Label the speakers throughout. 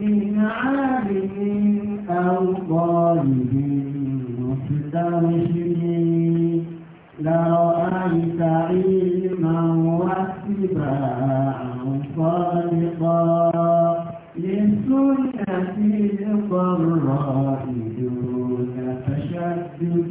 Speaker 1: من عالم أو طالب مسترشد لرأيت علما واتباعا صادقا للسنة القراء دون تشدد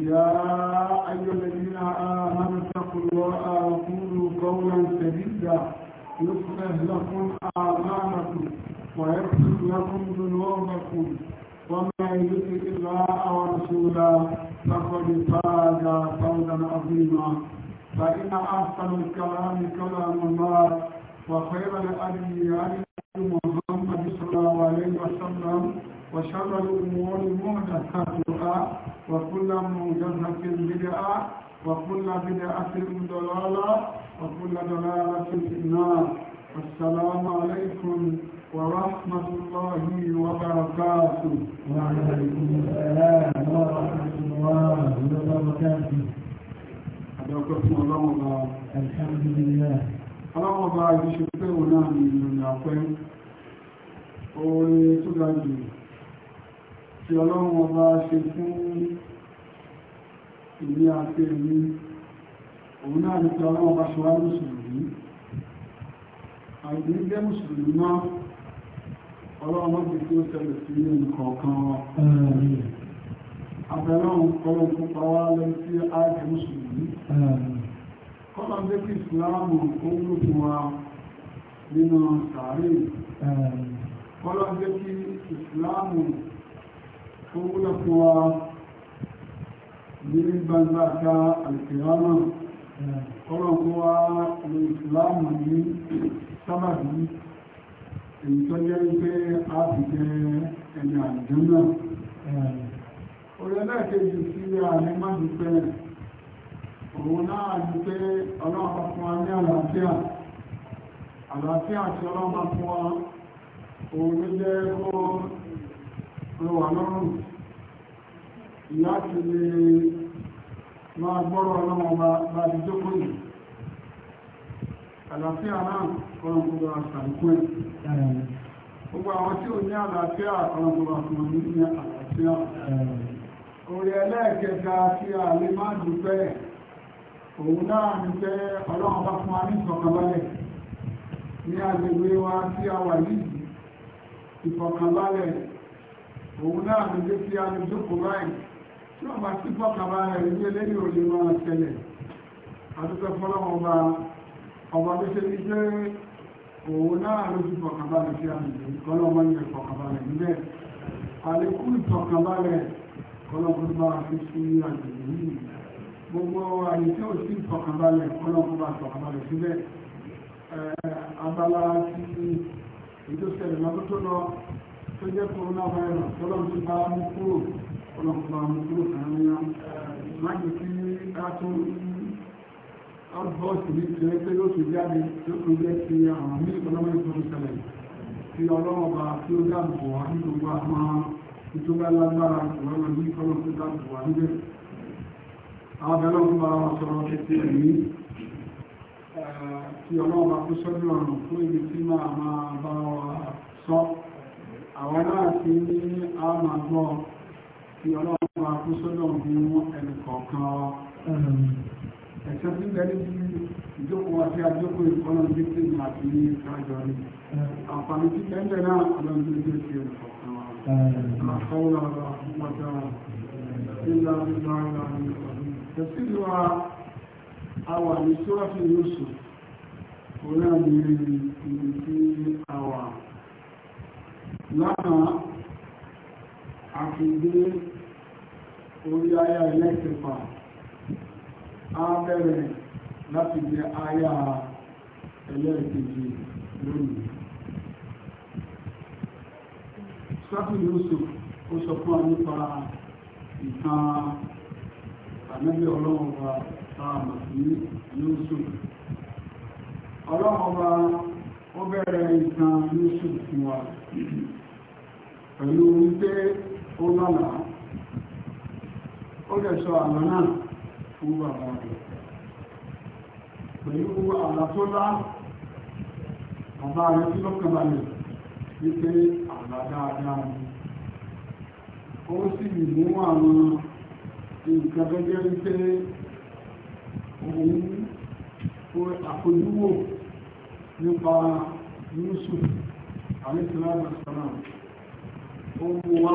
Speaker 2: يا أيها الذين آمنوا اتقوا الله وقولوا قولا سديدا يصلح لكم أعمالكم ويغفر لكم ذنوبكم ومن يطع الله ورسوله فقد فاز فوزا عظيما فإن أحسن الكلام كلام الله وخير الأدب هدي محمد صلى الله عليه وسلم وشر الأمور محدثاتها وكل محدثة بدعة وكل بدعة ضلالة وكل ضلالة في النار السلام عليكم ورحمة الله وبركاته وعليكم السلام ورحمة الله وبركاته أدعوكم الله الحمد لله الله أبا يشكرنا من أقوى orin tó dájú tí ọlọ́run ọba ṣe fún ìní àti ẹ̀mí òun náà ní tí ọlọ́run ọba ṣe wá mùsùlùmí àìdí jẹ́ mùsùlùmí náà ọlọ́run ọba ti tó ṣẹlẹ̀ sí ilé nìkọ̀ọ̀kan àbẹ̀lọ́run ọlọ́run tó pa wá lẹ́yìn tí a jẹ́ mùsùlùmí kọ́lọ̀ jẹ́ kí ìsìláàmù ó wúlò fún wa nínú sàárè kọ́lọ̀ jẹ́ kí ìsìláàmù tó wúlò fún wa ní gbangba ká alìkìyàmà kọ́lọ̀ fún wa ní ìsìláàmù ní sábàbí èyí tó jẹ́ wípé a fi jẹ ẹni àjọ náà orí ẹlẹ́ẹ̀kejì sí ààrẹ má dúpẹ́ òun náà dúpẹ́ ọlọ́ọ̀pá fún wa ní àlàáfíà àlàáfíà tí ọlọ́ọ̀pá fún wa òun ló jẹ́ kó lọ́wà lọ́rùn láti lè máa gbọ́rọ̀ ọlọ́wọ́ bá ti jókòó yìí àlàáfíà náà ọlọ́gbọ́dọ̀ àṣàkú ẹ̀ gbogbo àwọn tí ò ní àlàáfíà ọlọ́gbọ́dọ̀ fún ní ní àlàáfíà orí ẹlẹ́ẹ̀kẹta tí a lè máa dúpẹ́ òun náà ní pé ọlọ́run bá fún wa ní ìfọ̀kànbalẹ̀ ní agbègbè wa tí a wà ní ìfọ̀kànbalẹ̀ òun náà ló jẹ́ kí a lè jókòó báyìí tí wọ́n bá sí fọ́kàbá rẹ̀ ní eléyìí ò lè máa tẹ̀lẹ̀ àtúntò fọ́lọ́wọ́ ọba ọba tó ṣe ní pé òun náà ló fi fọ́kàbá rẹ̀ sí àmì kọ́lọ́mọ́ ní fọ́kàbá rẹ̀ níbẹ̀ àlékún ìfọ́kàbá rẹ̀ kọ́lọ́mọ́ bá fi sí àgbègbè yìí gbogbo àyè tí ó sì fọ́kàbá rẹ̀ kọ́lọ́mọ́ bá fọ́kàbá rẹ̀ síbẹ̀ abala ti ìdóṣẹ̀lẹ̀ lọ́dún tó lọ tó jẹ́ coronavirus tọ́lọ́m ti bá mú kúrò ọlọ́pàá mú kúrò kàníyàn láti kí a tó outburst ní ti ẹgbẹ́ yóò tó jáde tó tó jẹ́ ti àwọn ní ìpínlẹ̀ tó ń ṣẹlẹ̀ tí ọlọ́wọ́ bá tí ó dáàbò wá ní gbogbo àwọn ìjọba lágbára ìwọ́n ní ìpínlẹ̀ tó dáàbò wá níbẹ̀ àwọn abẹ́lẹ́ ń bára wọn sọ̀rọ̀ kékeré ẹ̀mí tí ọlọ́wọ́ bá kó sọ́dún ọ̀rùn fún ibi tí máa máa bá wa sọ àwọn náà ti ní àmà gbọ́ tí ọlọ́run máa kú sọ́dọ̀ fún ẹnì kọ̀ọ̀kan ẹ̀sẹ̀ tí bẹ́ẹ̀ ní ìjókòó àti àjókòó ìkọlọ́n tí tí ní àti ní ìkájọ ní àǹfààní tí bẹ́ẹ̀ náà ọlọ́run tí tí ti ẹnì kọ̀ọ̀kan wa àfọwọ́lá ọ̀rọ̀ àkúmọ̀tá ìlà ìlà ìlà ìlà ìlà àwà ní sọ́ọ̀fì Yusuf òun náà ní ibi tí àwà lánàá àti dé orí ayá ẹlẹ́kẹfà a bẹ̀rẹ̀ láti jẹ ayá ẹlẹ́kẹjì lónìí sọ́tù Yusuf ó sọ fún wa ìtàn àmẹ́bí ọlọ́run wa a ó bẹ̀rẹ̀ ìtàn Yusuf fún wa pẹ̀lú wípé ó lọ́la ó lè sọ àlọ́ náà fún bàbá rẹ̀ pẹ̀lú àlá tó lá bàbá rẹ̀ tí lọ́kàn balẹ̀ wípé àlá dáadáa ni ó sì mú àwọn nǹkan gẹ́gẹ́ wípé òun àfojúwò nípa Yusuf alẹ́sìláàbà sọ́nà ó mú wá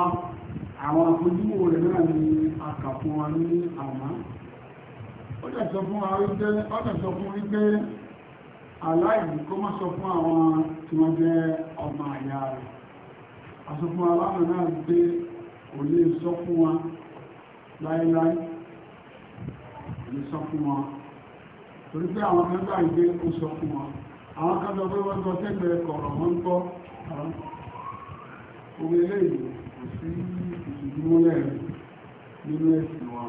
Speaker 2: àwọn àfojúwò rẹ̀ náà ni àkàfún wa ní àmá ó dẹ̀ sọ fún wípé aláìní kó má sọ fún àwọn tí wọ́n jẹ́ ọmọ àyà rẹ̀ àsọfún aláàmù náà gbé kò lè sọ fún wa láíláí kò lè sọ fún wa torí pé àwọn mẹ́gbà ìgbé ó sọ fún wa àwọn kájọ pé wọ́n jọ tẹ́gbẹ̀ẹ́ kọ̀rọ̀ wọ́n tọ́ orí eléyìí kò sí ìṣùgbúnmọ́lẹ̀ nínú ẹ̀sìn wa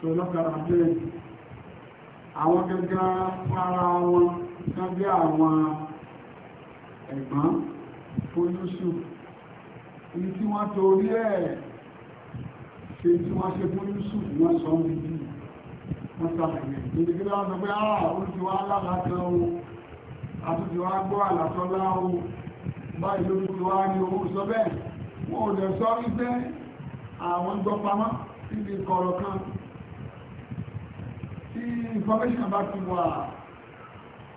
Speaker 2: tó lọ́kàrà jẹ́ àwọn gẹ́gẹ́ para wọn sábẹ́ àwọn ẹ̀gbọ́n fóyúsù ní tí wọ́n torí ẹ̀ ṣe tí wọ́n ṣe fóyúsù wọ́n sọ ń bí wọ́n sàbẹ̀yẹ̀ nígbẹ́gbẹ́ wọn sọ pé ah olùsíwá alára kan ohun àtúntì wá gbọ́ àlàtọ́lá o báyìí ló ti wá ní owó sọ bẹ́ẹ̀ wọn ò lè sọ wípé àwọn gbọ́ pamọ́ níbi kọ̀rọ̀ kan tí information bá ti wà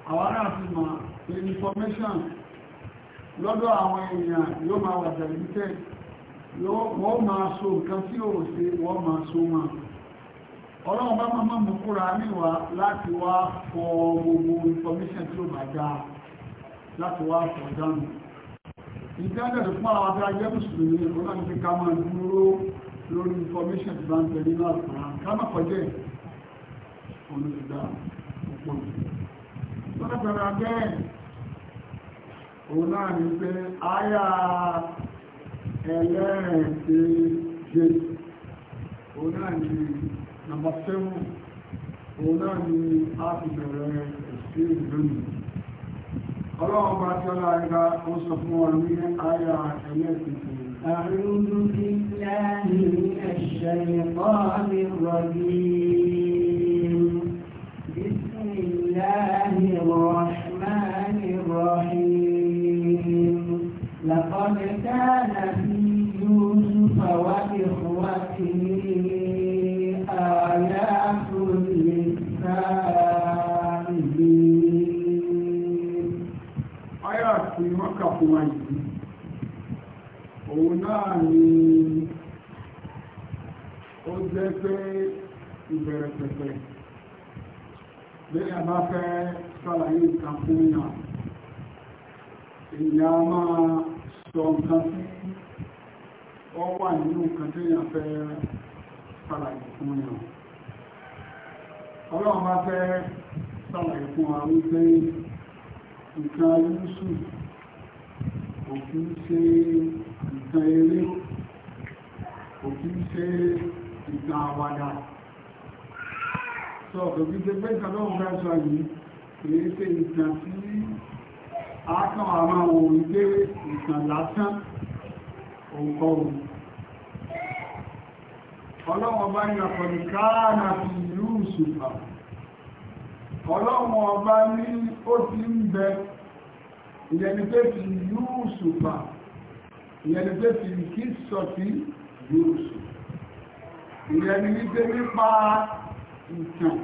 Speaker 2: àwọn ará àti mọ̀ pé information lọ́dọ̀ àwọn èèyàn yóò máa wà tẹ̀lé wọ́n máa so nǹkan tí ò ṣe wọ́n máa so máa ọlọ́run bá máa mú kúra níwà láti wá fọ gbogbo information tí ó bá dá láti wá fọ dánù ìdájọ́ fún àwọn abẹ́ ajẹ́ mùsùlùmí ọlọ́run ti ká máa dúró lórí information tí bá ń tẹ̀lé náà fún wa ká má kọjá ọ̀nà ìgbà òpó lọ́dọ̀gbẹ̀rẹ̀ abẹ́ òun náà ní pé nàmbà sẹ́wọ̀n òun náà ni a fi bẹ̀rẹ̀ ẹ̀sìn lónìí ọlọ́run bá tí ọlá ẹ̀ka ó sọ fún ọ ní àyà ẹlẹ́kìtì أعوذ بالله
Speaker 1: من الشيطان الرجيم بسم الله الرحمن الرحيم لقد كان في يوسف وإخوته
Speaker 2: Ayá tí wọ́n òun náà ni ó jẹ́ pé ìbẹ̀rẹ̀ pẹ̀pẹ̀. Lẹ́yìn àbá fẹ́ sàlàyé nǹkan fún a máa sọ nǹkan sí ọ nínú nǹkan tí fẹ́ fún ọlọ́run bá fẹ́ sàlàyé fún wa wípé nǹkan ayúsù òfin ṣe nǹkan eré òfin ṣe nǹkan àwàdà sọ òfin ṣe pé nǹkan lọ́run bá sọ yìí kìí ṣe nǹkan tí a kàn wà máa wò nǹkan lásán òǹkọ̀ọ̀rùn ọlọ́wọ́ bá ní ọ̀pọ̀lù káàna fi ìlú ìṣùpá ọlọ́wọ́ bá ní ó ti ń bẹ ìyẹni pé fi ìlú ìṣùpá ìyẹni pé fi kí sọ̀tí yóò sùn ìyẹni wípé nípa ìtàn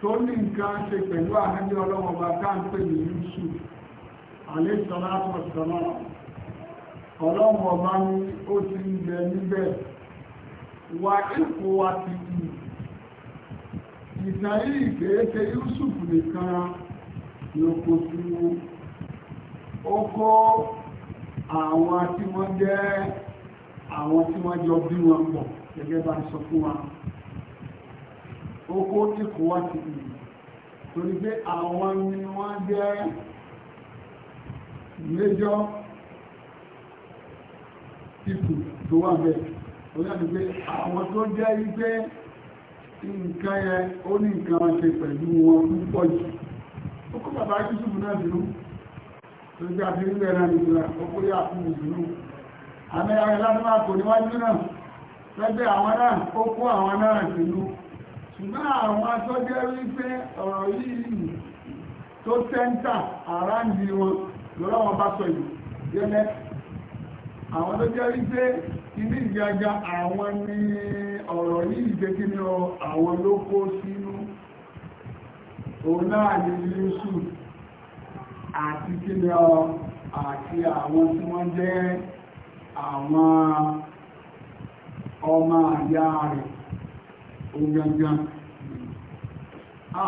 Speaker 2: tó ní nǹkan ṣe pẹ̀lú ànábí ọlọ́wọ́ bá káńpé ní Yusuf alayhi salatu wassalam ọlọ́wọ́ bá ní ó ti ń bẹ níbẹ̀ wà ipò àtìkù ìtàrí ìgbéèké Yusuf nìkan lókò sí ọkọ̀ àwọn tí wọ́n jẹ́ àwọn tí wọ́n jọ bí wọn pọ̀ gẹ́gẹ́ bá sọ fún wa oko ikọ̀ wá ti ìlú torí pé àwọn ni wọ́n jẹ́ tó wà bẹ́ẹ̀ onígbé àwọn tó jẹ́ wípé nǹkan yẹ ó ní nǹkan ṣe pẹ̀lú wọn púpọ̀ jù ó kó bàbá Yusuf náà dúró tó jẹ́ àti nílẹ̀ náà nìgbà ó kó yà fún ìdúró àmì àwọn ìlànà kò níwájú náà lẹ́gbẹ́ àwọn náà ó kó àwọn náà sínú ṣùgbọ́n àwọn tó jẹ́ wípé ọ̀rọ̀ yìí tó tẹ́ńtà àráǹdì wọn lọ́wọ́ bá sọ yìí gẹ́gẹ́ àwọn tó jẹ́ wípé kìíní ìgbàgbà àwọn ní ọ̀rọ̀ ní ìgbẹ́kínú àwọn ló kó sínú òun náà ní yíṣù àti kíni ọ àti àwọn tí wọ́n jẹ́ àwọn ọmọ àyá rẹ̀ ogangan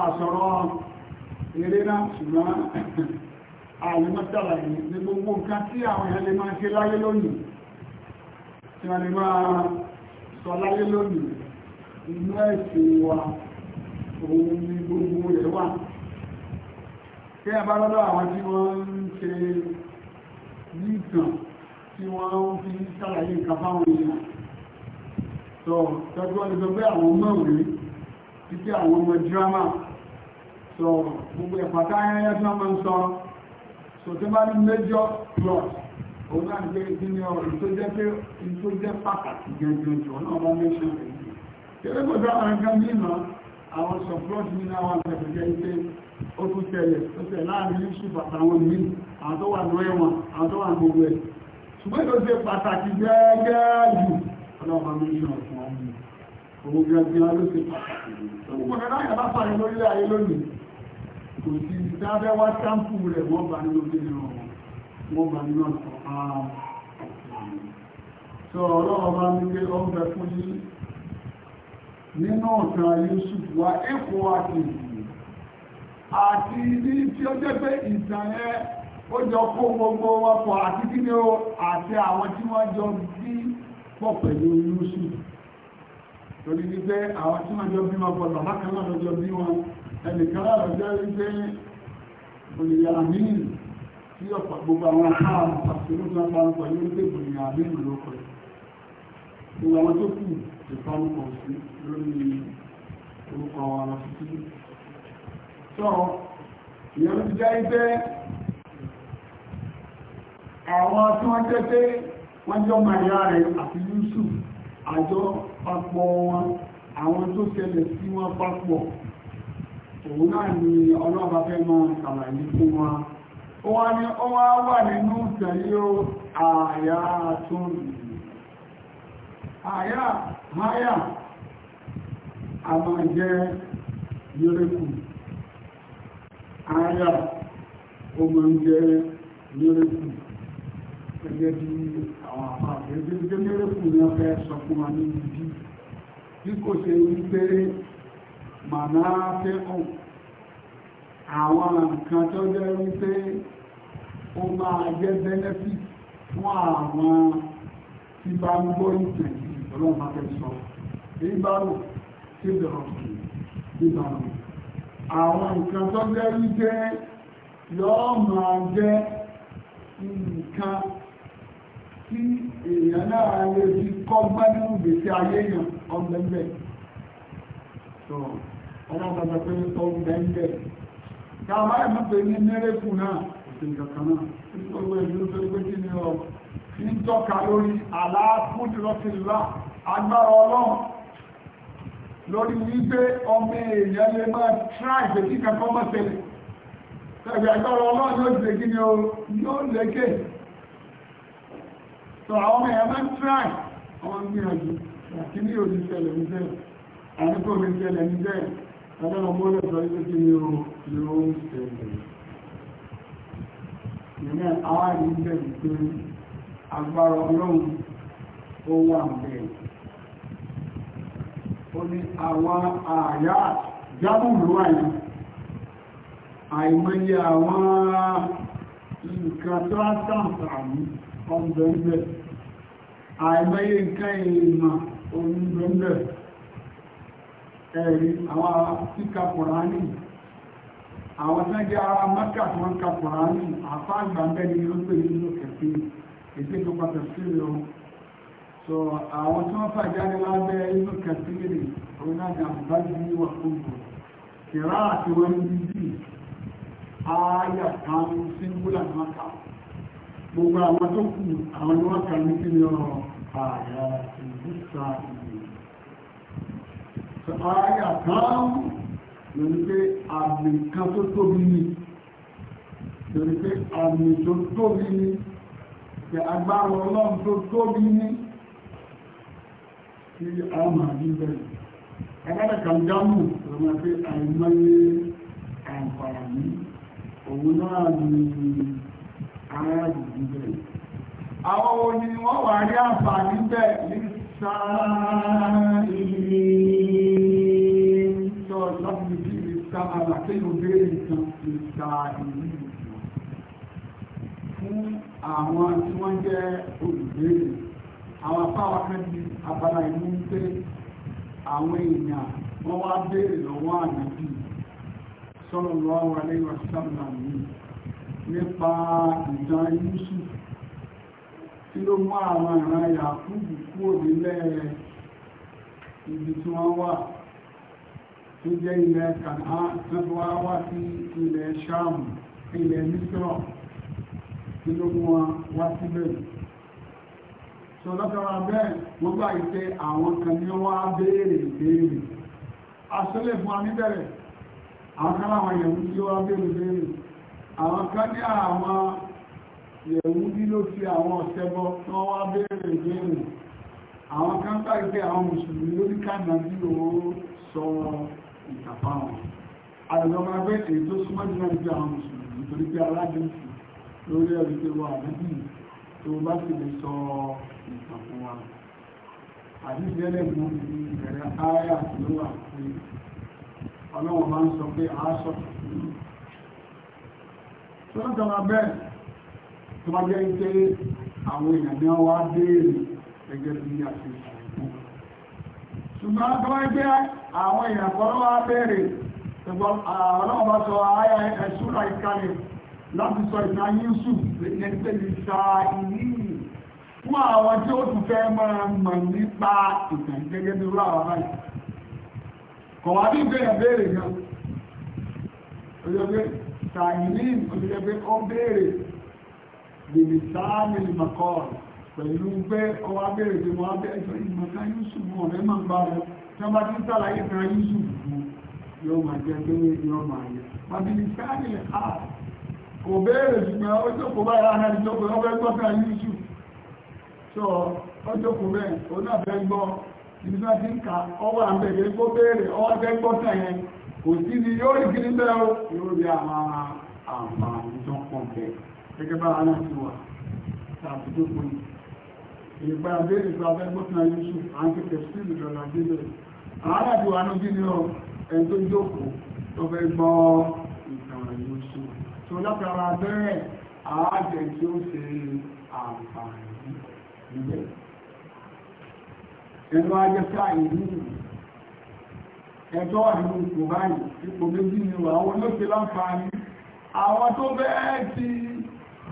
Speaker 2: àṣọ̀rọ̀ eré náà ṣùgbọ́n àwọn mọ́tàlá ní gbogbo nǹkan tí àwọn ẹlẹ́mọ́ ṣe láyé lónìí tí wọ́n lè máa sọ láyé lónìí inú ẹ̀sìn wa òun ni gbogbo rẹ̀ wà kí a bá lọ́dọ̀ àwọn tí wọ́n ń ṣe nìkan tí wọ́n ń fi ṣàlàyé nǹkan fáwọn èèyàn sọ tọ́jú wọn lè sọ pé àwọn mọ̀wé títí àwọn ọmọ dírámà sọ gbogbo ẹ̀pàtà ayẹyẹ tí wọ́n máa ń sọ sọ tí wọ́n bá ní major plus òun náà jẹ́ ìdíní ọ̀rọ̀ tó jẹ́ pé tó jẹ́ pàtàkì gẹ̀ẹ́gẹ̀ẹ́ jù ọ̀nà ọmọ mẹ́ṣẹ́ rẹ̀ kẹ́lẹ́ kò dá àwọn ẹgbẹ́ mímọ́ àwọn sọ̀fúrọ́sì nínú àwọn àtẹ̀fẹ̀jẹ́ ipé ó tún tẹ̀lẹ̀ ó tẹ̀ láàrin yusuf àtàwọn míì àwọn tó wà lórí wọn àwọn tó wà gbogbo ẹ̀ ṣùgbọ́n tó ṣe pàtàkì gẹ́gẹ́ jù ọ̀nà ọmọ mẹ́ṣẹ́ rẹ̀ fún ọmọ owó gẹ́gẹ́ ló ṣe pàtàkì gbogbo ẹ̀rọ àyàbá pàrẹ lórí ayé lónìí kò sí ìdábẹ́wá sáǹpù rẹ̀ wọ́n bá wọ́n bá nínú ọ̀pàá tó ọlọ́wọ́ bá ní pé ó ń bẹ fún yí nínú ọ̀tàn Yusuf wa ẹ̀kọ́ àti ìlú àti ní tí ó jẹ́ pé ìtàn ẹ ó jọ kó gbogbo wa pọ̀ àti kí ni ó àti àwọn tí wọ́n jọ bí pọ̀ pẹ̀lú Yusuf torí ní pé àwọn tí wọ́n jọ bí wọn pọ̀ bàbá kan náà bí wọn ẹnìkan náà lọ́jọ́ tí ọ̀pọ̀ gbogbo àwọn káàmù pàṣẹlú tó parúkọ ní orílẹ̀ èdè ìrìn àmì ìlú ọkọ̀ gbogbo àwọn tó kù ti parúkọ sí lórí orúkọ àwọn ọmọ títí tó ìyẹn ti jẹ́ ibẹ́ àwọn tí wọ́n jẹ́ pé wọ́n jọ màríà rẹ̀ àti Yusuf àjọ papọ̀ wọn àwọn tó ṣẹlẹ̀ sí wọn papọ̀ òun náà ni ọlọ́ọ̀bá fẹ́ máa ṣàlàyé fún wọn wọ́n ni ó wá wà nínú tẹ̀lé o àyà tún àyà máyà a máa jẹ́ yẹ́rẹ́kù àyà ó máa ń jẹ́ yẹ́rẹ́kù gẹ́gẹ́ bí àwọn àpapọ̀ ẹgbẹ́ yẹ́rẹ́kù ní ọ̀fẹ́ sọ fún wa ní ibi bí kò ṣe wípé màná fẹ́ àwọn nǹkan tó jẹ́ wípé ó máa jẹ́ bẹ́nẹ́fì fún àwọn tí bá ń gbọ́ ìtàn yìí ọlọ́run máa fẹ́ sọ ìbárò tí bẹ̀rọ̀ sí ìbárò àwọn nǹkan tó jẹ́ wípé yóò máa jẹ́ nǹkan tí èèyàn náà lè fi kọ́gbọ́n nínú gbèsè ayé èèyàn ọgbẹ́gbẹ́ ọlọ́run bàbá pé ó tàbá ìmọ̀pẹ̀ ní mẹ́rẹ́kù náà òfin kankan náà nítorí ìlú tó gbé kí ni ọ ń tọ́ka lórí aláàfúndìlọ́tìlá agbára ọlọ́run lórí wípé ọmọ èèyàn lè máa tíráì pé kí kankan mọ́ tẹ̀lé tẹ̀lé agbára ọlọ́run yóò ṣe kí ni ó yóò lékè tó àwọn ọmọ èèyàn ń tíráì àwọn gbìyànjú kí ní tẹ̀lé ní tẹ̀lé ọlọ́run mọ́lẹ̀ sọ ilé tí ni ó ń tẹ̀lẹ̀ ìrìnlẹ̀ àwárí ilẹ̀ ìpé agbára ọlọ́run ó wà bẹ̀ ó ní àwọn àyà jábùrú àyà àìmọye àwọn nǹkan tó á sàǹfààní ọmọdé ń bẹ̀ àìmọye nǹkan èèmà òun ń ẹ̀rí àwọn kíkà kùránì àwọn tí wọ́n jẹ́ ara mẹ́kà tí wọ́n ka kùránì àfa àgbà ń bẹ́ni ló pè nínú kẹfì èdè tó pàtàkì sí rẹ̀ so àwọn tí wọ́n fàjáde lábẹ́ inú kẹfì rẹ̀ òun náà ní àbúbájú ní wà fún bò kìrá àti wọn ní bí ààyà kan síngúlà ní wọ́n gbogbo àwọn tó kù àwọn ni wọ́n kà ní kí ni ọ̀rọ̀ ààyà ìbúsà ìbúsà ààyà
Speaker 3: kan
Speaker 2: lórí pé àmì kan tó tóbi ni lórí pé àmì tó tóbi ni pé agbára ọlọ́run tó tóbi ni tí a máa bí bẹ́ẹ̀ agbára kan jámù lọ́mọ pé àìmọye àǹfààní òun náà ni ara ìdíbẹ̀ àwọn òní wọ́n wà rí àǹfààní bẹ́ẹ̀ للسائلين سواء اللفظ فيه للسائل لكنه غير للسائلين fún àwọn tí wọ́n jẹ́ olùgbèrè àwọn apáwa kan ní abala ìlú ń pé àwọn èèyàn wọ́n wá béèrè lọ́wọ́ ànábì sallallahu alaihi wasallam nípa ìdán Yusuf tí ló mú àwọn ìran yàkúbù kúrò nílẹ̀ ibi tí wọ́n wà tó jẹ́ ilẹ̀ Kànáà tó wá wá sí ilẹ̀ Ṣáàmù ilẹ̀ Mísírọ̀ tí ló mú wọn wá síbẹ̀ so lọ́tọ́ra bẹ́ẹ̀ wọ́n gbà pé àwọn kan ní wọ́n á béèrè béèrè asọ́lẹ̀ fún aníbẹ̀rẹ̀ àwọn kan láwọn yẹ̀wù tí wọ́n á yẹ̀wú bí ló fi àwọn ọ̀sẹ̀bọ tán wá béèrè ìbéèrè àwọn kan báyìí pé àwọn mùsùlùmí lórí kànáà bí ó sọ ìtàpá wọn àìlọ́mọ ẹgbẹ́ èyí tó súnmọ́ jù náà ní àwọn mùsùlùmí torí pé aládùúgbò lórí ẹ̀rí pé wà níbí tó bá sì lè sọ ìtàn fún wa àdúgbò ẹlẹ́gbọ́n ní ìbẹ̀rẹ̀ ayé àtìlú wà pé ọlọ́wọ́n máa ń sọ pé àásọ̀ tó ń tọ́ra bẹ́ẹ̀ bá jẹ́ pé àwọn èèyàn ní wá béèrè gẹ́gẹ́ bí àṣìṣe ṣùgbọ́n tó wá jẹ́ àwọn èèyàn kọ́ wá béèrè ṣùgbọ́n ọlọ́run bá sọ ààyà ẹ̀ṣúra ìkalẹ̀ láti sọ ìta yíṣù lẹ́gbẹ́ ìṣà ìní fún àwọn tí ó tún fẹ́ máa mọ̀ nípa ìtàn gẹ́gẹ́ bí wúrà wà báyìí kọ̀ wá bí ìbéèrè béèrè gan-an bèbè sáàmì ìmọ̀kọ́ pẹ̀lú pé ọwá bèèrè pé wọ́n bẹ́ ẹjọ́ ìmọ̀ká Yusuf ọ̀rẹ́ máa ń bá rẹ̀ tí wọ́n bá ti ń sàlàyé kan Yusuf fún yóò máa jẹ́ pé yóò máa yẹ bàbìlì sáàmì ha kò bèèrè ṣùgbọ́n ó jókòó báyìí lára ìjọ pé ọbẹ̀ gbọ́ kan Yusuf sọ ó jókòó bẹ́ẹ̀ ó náà fẹ́ gbọ́ ibi tí wọ́n ti ń ka ọwọ́ à ń bẹ̀rẹ̀ kó bèèrè ọwọ́ fẹ́ gbọ́ kan yẹn kò sí ni yóò rí kí ní bẹ́ẹ̀ yóò rí àwọn àǹfààní tó bẹ́ẹ̀ gẹ́gẹ́ bá aná ti wà tàbídó pọ̀ ní ìgbà abẹ́rẹ́ ìgbà abẹ́ mọ́tàlá Yusuf à ń tẹ̀tẹ̀ sí ìdọ̀là gbẹ́bẹ̀ àárẹ̀ àti wà lójú ní ọ ẹni tó jókòó tó fẹ́ gbọ́ ìtàn Yusuf tó látara abẹ́rẹ́ àájẹ tí ó ṣe àǹfààní níbẹ̀ ẹnu ajẹ́ sáà ìlú ẹjọ́ ìlú àwọn tó bẹ́ẹ̀ ti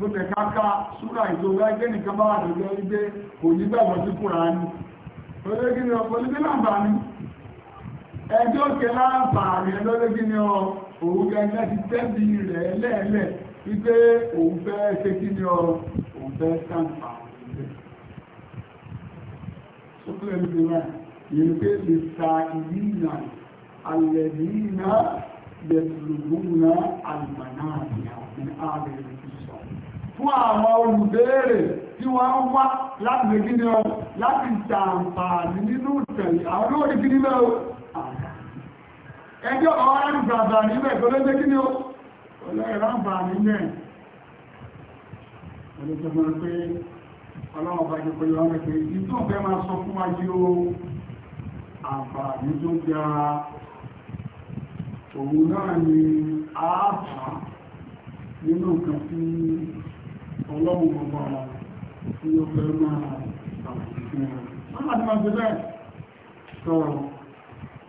Speaker 2: ló fẹ́ káká súrà ìtòwé ẹgbẹ́ nìkan bá wà lórí ẹgbẹ́ kò ní gbàgbọ́ sí Kùránì olóògì ni ọ̀pọ̀ olóògì láǹfààní ẹjọ́ òkè láǹfààní olóògì ni ọ òun gẹ́gẹ́ ti tẹ́bi rẹ̀ lẹ́ẹ̀lẹ̀ wípé òun fẹ́ ṣe kí ni ọ òun fẹ́ sàǹfà sókè ẹni ti rà yìí pé lè sa ìlú ìlà alẹ́ ní ìlà yẹtùlùmúnà àlùmọ̀nà àti àwọn àbẹ̀rẹ̀ fún àwọn olùbéèrè tí wọ́n ń wá láti lè gíní ọ láti ṣàǹfààní nínú ìtẹ̀lẹ̀ àwọn olóòrí gíní lẹ́ o ẹjọ́ ọwọ́ láti gbàgbà níbẹ̀ tó lé gíní o ọlọ́ẹ̀ránfààní náà olùsọ̀mọ̀ pé ọlọ́wọ́ bá jẹ́ pé ọmọ pé ìtọ́ fẹ́ máa sọ fún wájú o àǹfààní tó ga òun náà ni ààbà nínú nǹkan tí ọlọ́run ọba tí ó fẹ́ máa àwòrán wọn láti máa ṣe bẹ́ẹ̀ sọ̀rọ̀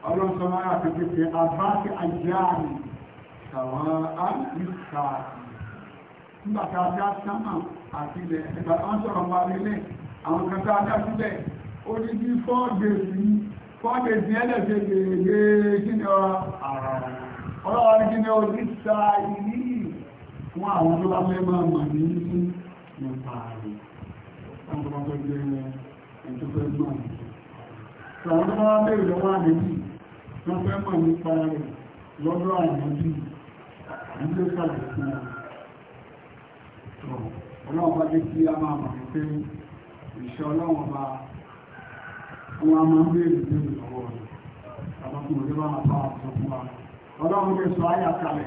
Speaker 2: ọlọ́run sọ máa yàtọ̀ pé ṣe àbáṣe ajáàmì sàwọn àìsà nígbà tá a dá sámà àti ilẹ̀ ẹ̀gbà tó ń sọ̀rọ̀ pa nílẹ̀ àwọn kan tá a dá sílẹ̀ ó ní bí fọ́ọ̀dẹ̀sì fọ́ọ̀dẹ̀sì ẹlẹ́sẹ̀ gbèrègbè kí ni ọ ọlọ́run kí ni ó ní fún àwọn tó bá fẹ́ máa mọ̀ ní nípa rẹ̀ fún tó bá fẹ́ jẹ́ ẹni tó fẹ́ mọ̀ ní. Àwọn tó bá bẹ̀rẹ̀ lọ́wọ́ àdébì tó fẹ́ mọ̀ nípa rẹ̀ lọ́dọ̀ àdébì àdébì sàlẹ̀ fún ọ. Ọlọ́run bá dé kí a máa mọ̀ pé ìṣẹ́ ọlọ́run bá wọn máa ń bèèrè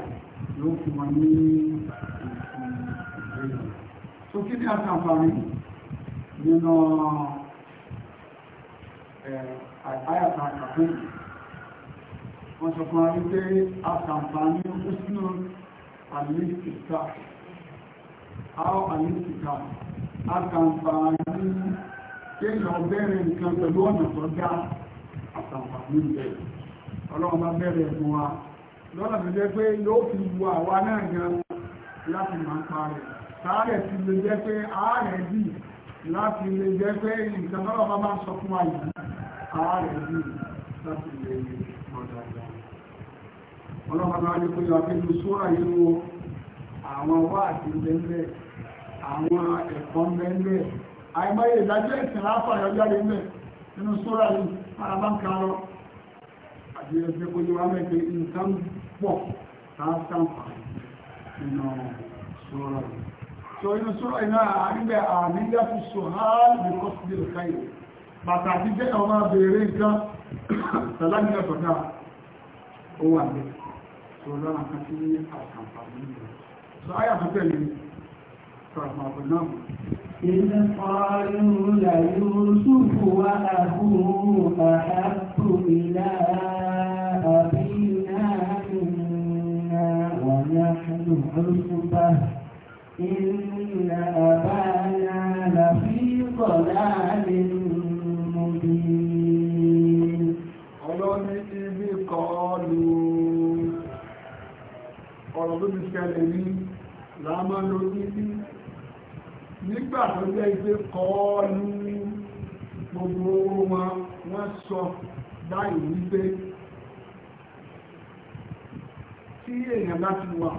Speaker 2: yóò fún wọn ní ìgbéyàwó tó kí ní àtàǹfààní nínú
Speaker 4: àyàtà àkàkùn wọ́n sọ
Speaker 2: fún àrí pé àtàǹfààní ó sínú àlèkìtà àwọn àlèkìtà àtàǹfààní kéèyàn bẹ̀rẹ̀ nǹkan pẹ̀lú ọ̀nà tó dá àtàǹfààní bẹ̀rẹ̀ ọlọ́run bá bẹ̀rẹ̀ fún wa lọ́nà tó jẹ́ pé yóò fi wo àwa náà gan láti máa ń pa rẹ̀ sáàrẹ̀ ti lè jẹ́ pé ààrẹ dì láti lè jẹ́ pé nǹkan lọ́rọ̀ bá máa ń sọ fún wa yìí ààrẹ dì láti lè mọ̀dà ìyá ọlọ́pàá máa ń pè wá pé mo sóra yìí wo àwọn wá àti ìgbẹ́ńbẹ́ àwọn ẹ̀kọ́ mẹ́ńbẹ́ àìmọye ìdájọ́ ìsìn láfààyàn jáde mẹ́ nínú sóra yìí ara bá ń ka bí ó ṣe kó yí wá mẹ́fẹ́ nǹkan pọ̀ tààtàǹfà so inú sọ́rọ̀ iná àrígbẹ̀ àníyà fi sọ̀hálì bí kọ́sìdì ìkáyè pàtàkì jẹ́ ọmọ bèèrè nǹkan tàlámìlẹ̀ tọ̀dá ó wà ní so lọ́nà kan tí àtàǹfà nínú إذ قالوا ليوسف
Speaker 1: وأخوه أحب إلى أبينا منا ونحن عصبة إن أبانا لفي ضلال مبين ọlọ́ni ibi kọlu
Speaker 2: ọ̀rọ̀ tó ti ṣẹlẹ̀ ní láàmà lórí títí nígbà tó jẹ́ ife kọ́ ní gbogbo wọn wọ́n sọ báyìí wípé tí èèyàn láti wà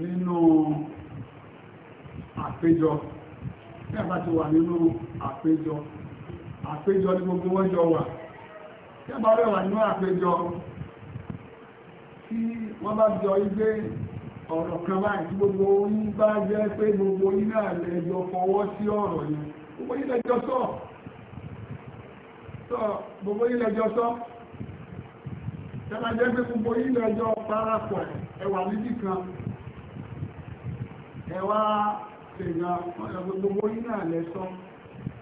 Speaker 2: nínú àpéjọ tí èèyàn láti wà nínú àpéjọ àpéjọ ní gbogbo wọn jọ wà tí èèyàn bá rẹ̀ wà nínú àpéjọ tí wọ́n bá jọ igbé ọ̀rọ̀ kan wá àti gbogbo oyún bá jẹ́ pé gbogbo iná àlẹ́jọ fọwọ́ sí ọ̀rọ̀ yẹn gbogbo ilẹ̀jọ sọ gbogbo ilẹ̀jọ sọ tẹ́lá jẹ́ pé gbogbo ilẹ̀jọ parapọ̀ ẹwà níbì kan ẹwà èèyàn ọ̀rọ̀ gbogbo iná àlẹ́ sọ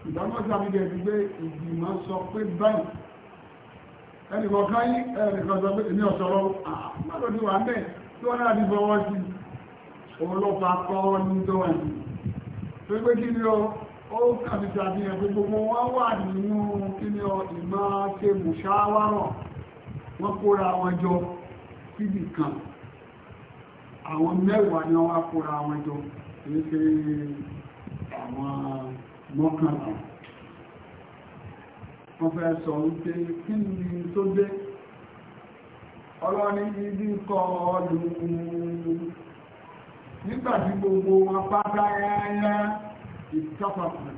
Speaker 2: ìdámọ́sí àmìjẹ̀ ti gbé ìgbìmọ̀ sọ pé báyìí ẹnìkan káyí ẹnìkan sọ pé èmi ọ̀sọ̀rọ̀ àmọ́ tí wọ́n náà ti fọwọ́ sí ọlọ́pàá kọ́ ní tọ́wọ́n tó gbé kí ni ọ ó kàbí sàbíyàn pé gbogbo wọn wà nínú kí ni ọ ìmọ̀ ṣe mùṣáwárọ̀ wọ́n kóra wọn jọ síbì kan àwọn mẹ́wàá ni wọ́n kóra wọn jọ kìí wọ́n fẹ́ sọ wípé kí ni tó dé ọlọ́ni ibi nígbàtí gbogbo apáta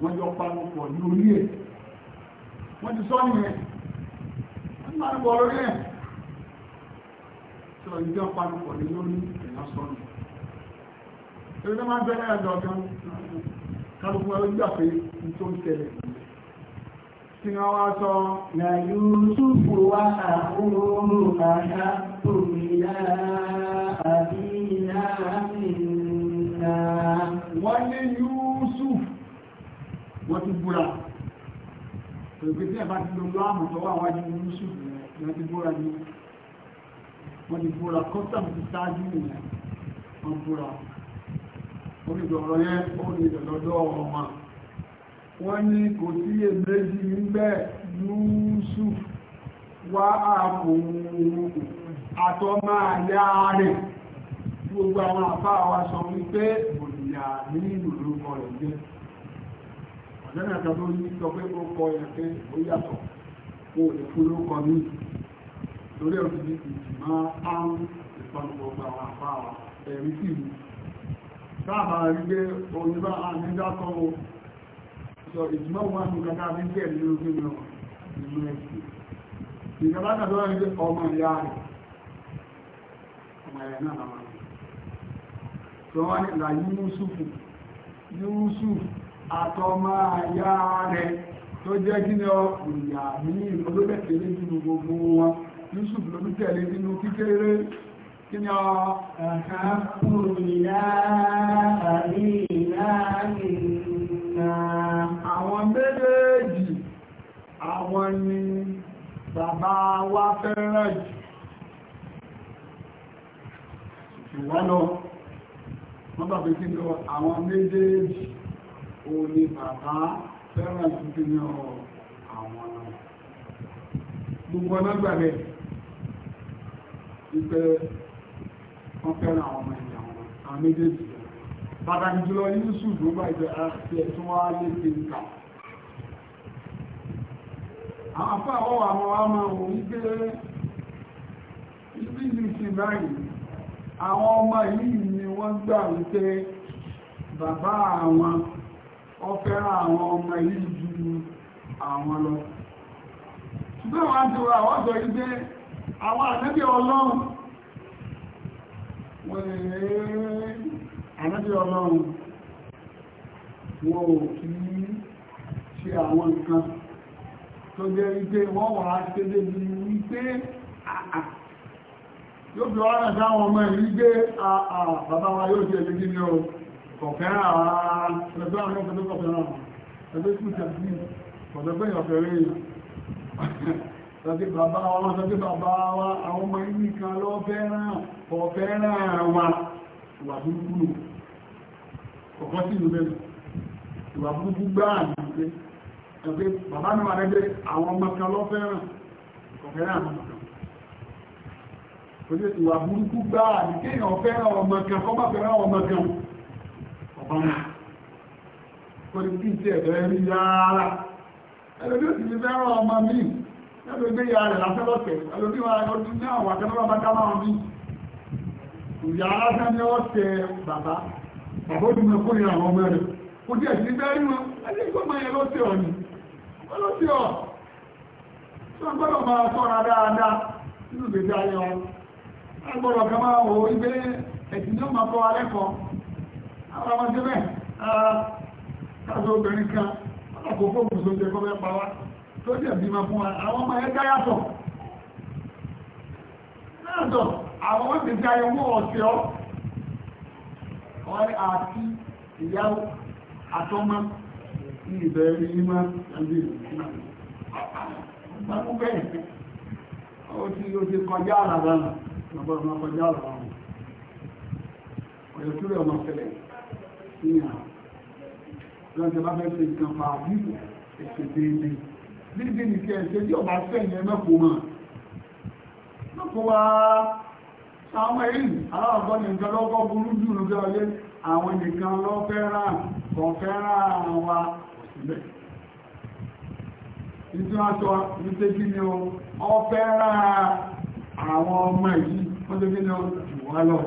Speaker 2: wọ́n ní orí ẹ̀ wọ́n ti sọ́ nìyẹn wọ́n máa ń bọ̀ orí ẹ̀ sọ ìjọ panupọ̀ ní lórí ẹ̀yà sọ́nù ẹ̀rọ máa ń bẹ́rẹ̀ ẹ̀dọ̀ kan kálukú ẹgbẹ́ pé tẹ̀lé tí wọ́n wá sọ na Yusufu wá àkúrò
Speaker 1: àṣà tó nílá àbí ìlà
Speaker 2: wọ́n ní Yusuf wọ́n ti búra pẹ̀lú tí ẹ̀bá ti lọ́lọ́ àmùtọ́wà wájú Yusuf wọ́n ti búra ní wọ́n ti búra kọ́sàm ti sáájú ìyẹn wọ́n búra wọ́n ní kò sí èméjì ń bẹ́ Yusuf wá àkòrò àtọ́mà àyà rẹ̀ gbogbo àwọn wa sọ wípé òdìyà ní ìlúkọ rẹ̀ jẹ́ ọ̀dẹ́nà ní sọ pé ó kọ ẹ̀ pé ó yàtọ̀ ní ní ìjìmá ìpanu gbogbo àwọn ẹ̀rí sọ ìjùmọ̀ wọn ní kàtà ní tẹ̀ ní ojú ní ọmọ ìlú ẹ̀sìn ìjọba náà lọ́wọ́ ní ọmọ ìyá rẹ̀ ọmọ ìyá náà lọ́wọ́ sọ wọn ní ìlà Yúsúfù Yúsúfù àtọmọ ìyá rẹ̀ tó jẹ́ kí ni ọ ìyá mi olóbẹ̀tẹ̀lé nínú gbogbo wọn Yúsúfù ló tẹ̀lé nínú kékeré kí ni ọ ẹ̀ka kúrò ìyá àbí ìyá àwọn méjèèjì àwọn ni bàbá wa fẹ́ràn jù ìwọ́nà wọ́n bàbá kí lọ àwọn méjèèjì o ní bàbá fẹ́ràn jù kí ní àwọn gbogbo ọ̀nà gbàgbẹ́ wípé wọ́n fẹ́ràn àwọn ọmọ ìyàwó àwọn méjèèjì pàtàkì jùlọ yusuf ló bá ìjọ àti ẹ̀tún wá léte nǹkan àwọn afọ àwọn àwọn àmà òun gbé ibi ìsìnkì báyìí àwọn ọmọ yìí ni wọ́n gbà wípé bàbá àwọn ọfẹ́ràn àwọn ọmọ yìí ju àwọn lọ ṣùgbọ́n àwọn àti àwọn àjọ yìí gbé àwọn àtẹ́bí ọlọ́run wọ́n lè ànábì ọlọ́run wọn ò kí ṣe àwọn nǹkan tó jẹ́ wípé wọ́n wà á ṣe débi wípé àà yóò fi wá rẹ̀ sáwọn ọmọ ìlú gbé àà bàbá wa yóò ṣe lójú ní o kọ̀fẹ́ràn àwọn ẹgbẹ́ àwọn ọmọ kọ̀fẹ́ràn ẹgbẹ́ kú tàbí ọ̀dọ́gbẹ́ ìyọ̀fẹ́rẹ́ èèyàn tàbí bàbá wa tàbí bàbá wa àwọn ọmọ ìlú kan lọ fẹ́ràn kọ̀fẹ́ràn wa ìwà burúkú lò ọ̀kan sí ìlú bẹ́ẹ̀ ìwà burúkú gbáà ní pé ẹgbẹ́ bàbá náà rẹ́gbẹ́ àwọn ọmọ kan lọ fẹ́ràn ọ̀fẹ́ràn àwọn ọmọ kan ojú ìwà burúkú gbáà ní kéèyàn fẹ́ràn ọmọ kan kọ́ bá fẹ́ràn ọmọ kan ọ̀bá náà kò ní kí n ti ẹ̀fẹ́ rí rárá ẹlòmí ò sì ní fẹ́ràn ọmọ mi ẹlòmí ìyá rẹ̀ lásán lọ́sẹ̀ ẹlòmí wa ọdún ní àwọn àtẹ́lọ́wọ́ bá dá máa ń bí ìyá aláta ní wọ́n tẹ bàbá bàbá òdùnmọ̀ fún ìyá àwọn ọmọ rẹ̀ kò díẹ̀ sí bẹ́ẹ̀rí wọn ẹni tó máa yẹ lọ́tí ọ̀ ni wọ́n lọ́tí ọ̀ tí wọ́n gbọ́dọ̀ máa sọ́ra dáadáa nínú ìgbésí ayé wọn wọ́n gbọ́dọ̀ kan máa wò ibẹ̀ ẹ̀sìn ní ọmọ kọ́ alẹ́ àwọn ọmọ ẹ̀ dáyàtọ̀ ààdọ̀ àwọn wọ́n ti gba ẹwọ́ ọ̀sẹ̀ ọ́ ọ̀rẹ́ àti ìyàwó àtọ́mọ ní ìbẹ̀rẹ̀ ìmá ẹgbẹ̀rẹ̀ ìmá ọ̀pọ̀ bẹ́ẹ̀ ó ti ó ti kọjá àlàbà ọ̀pọ̀ ọmọ kọjá àlàbà ọ̀yọ̀ tó rẹ̀ ọmọ fẹ́lẹ̀ ìyàn lọ́jọ́ bá fẹ́ ṣe nǹkan fa àbíkù ẹ̀ṣẹ̀ déédéé bí bí nìkẹ́ ẹ̀ṣẹ̀ tí ọba fẹ́ fún wa àwọn èyí aláwọ̀gbọ́ ní ìjọlọ́gbọ́ burú jù ní ọlé àwọn nìkan lọ fẹ́ràn kan fẹ́ràn wa sílẹ̀ ìtí wọ́n sọ ní pé kí ni ọ fẹ́ràn àwọn ọmọ yìí wọ́n tó kí ni ọ jù wá lọ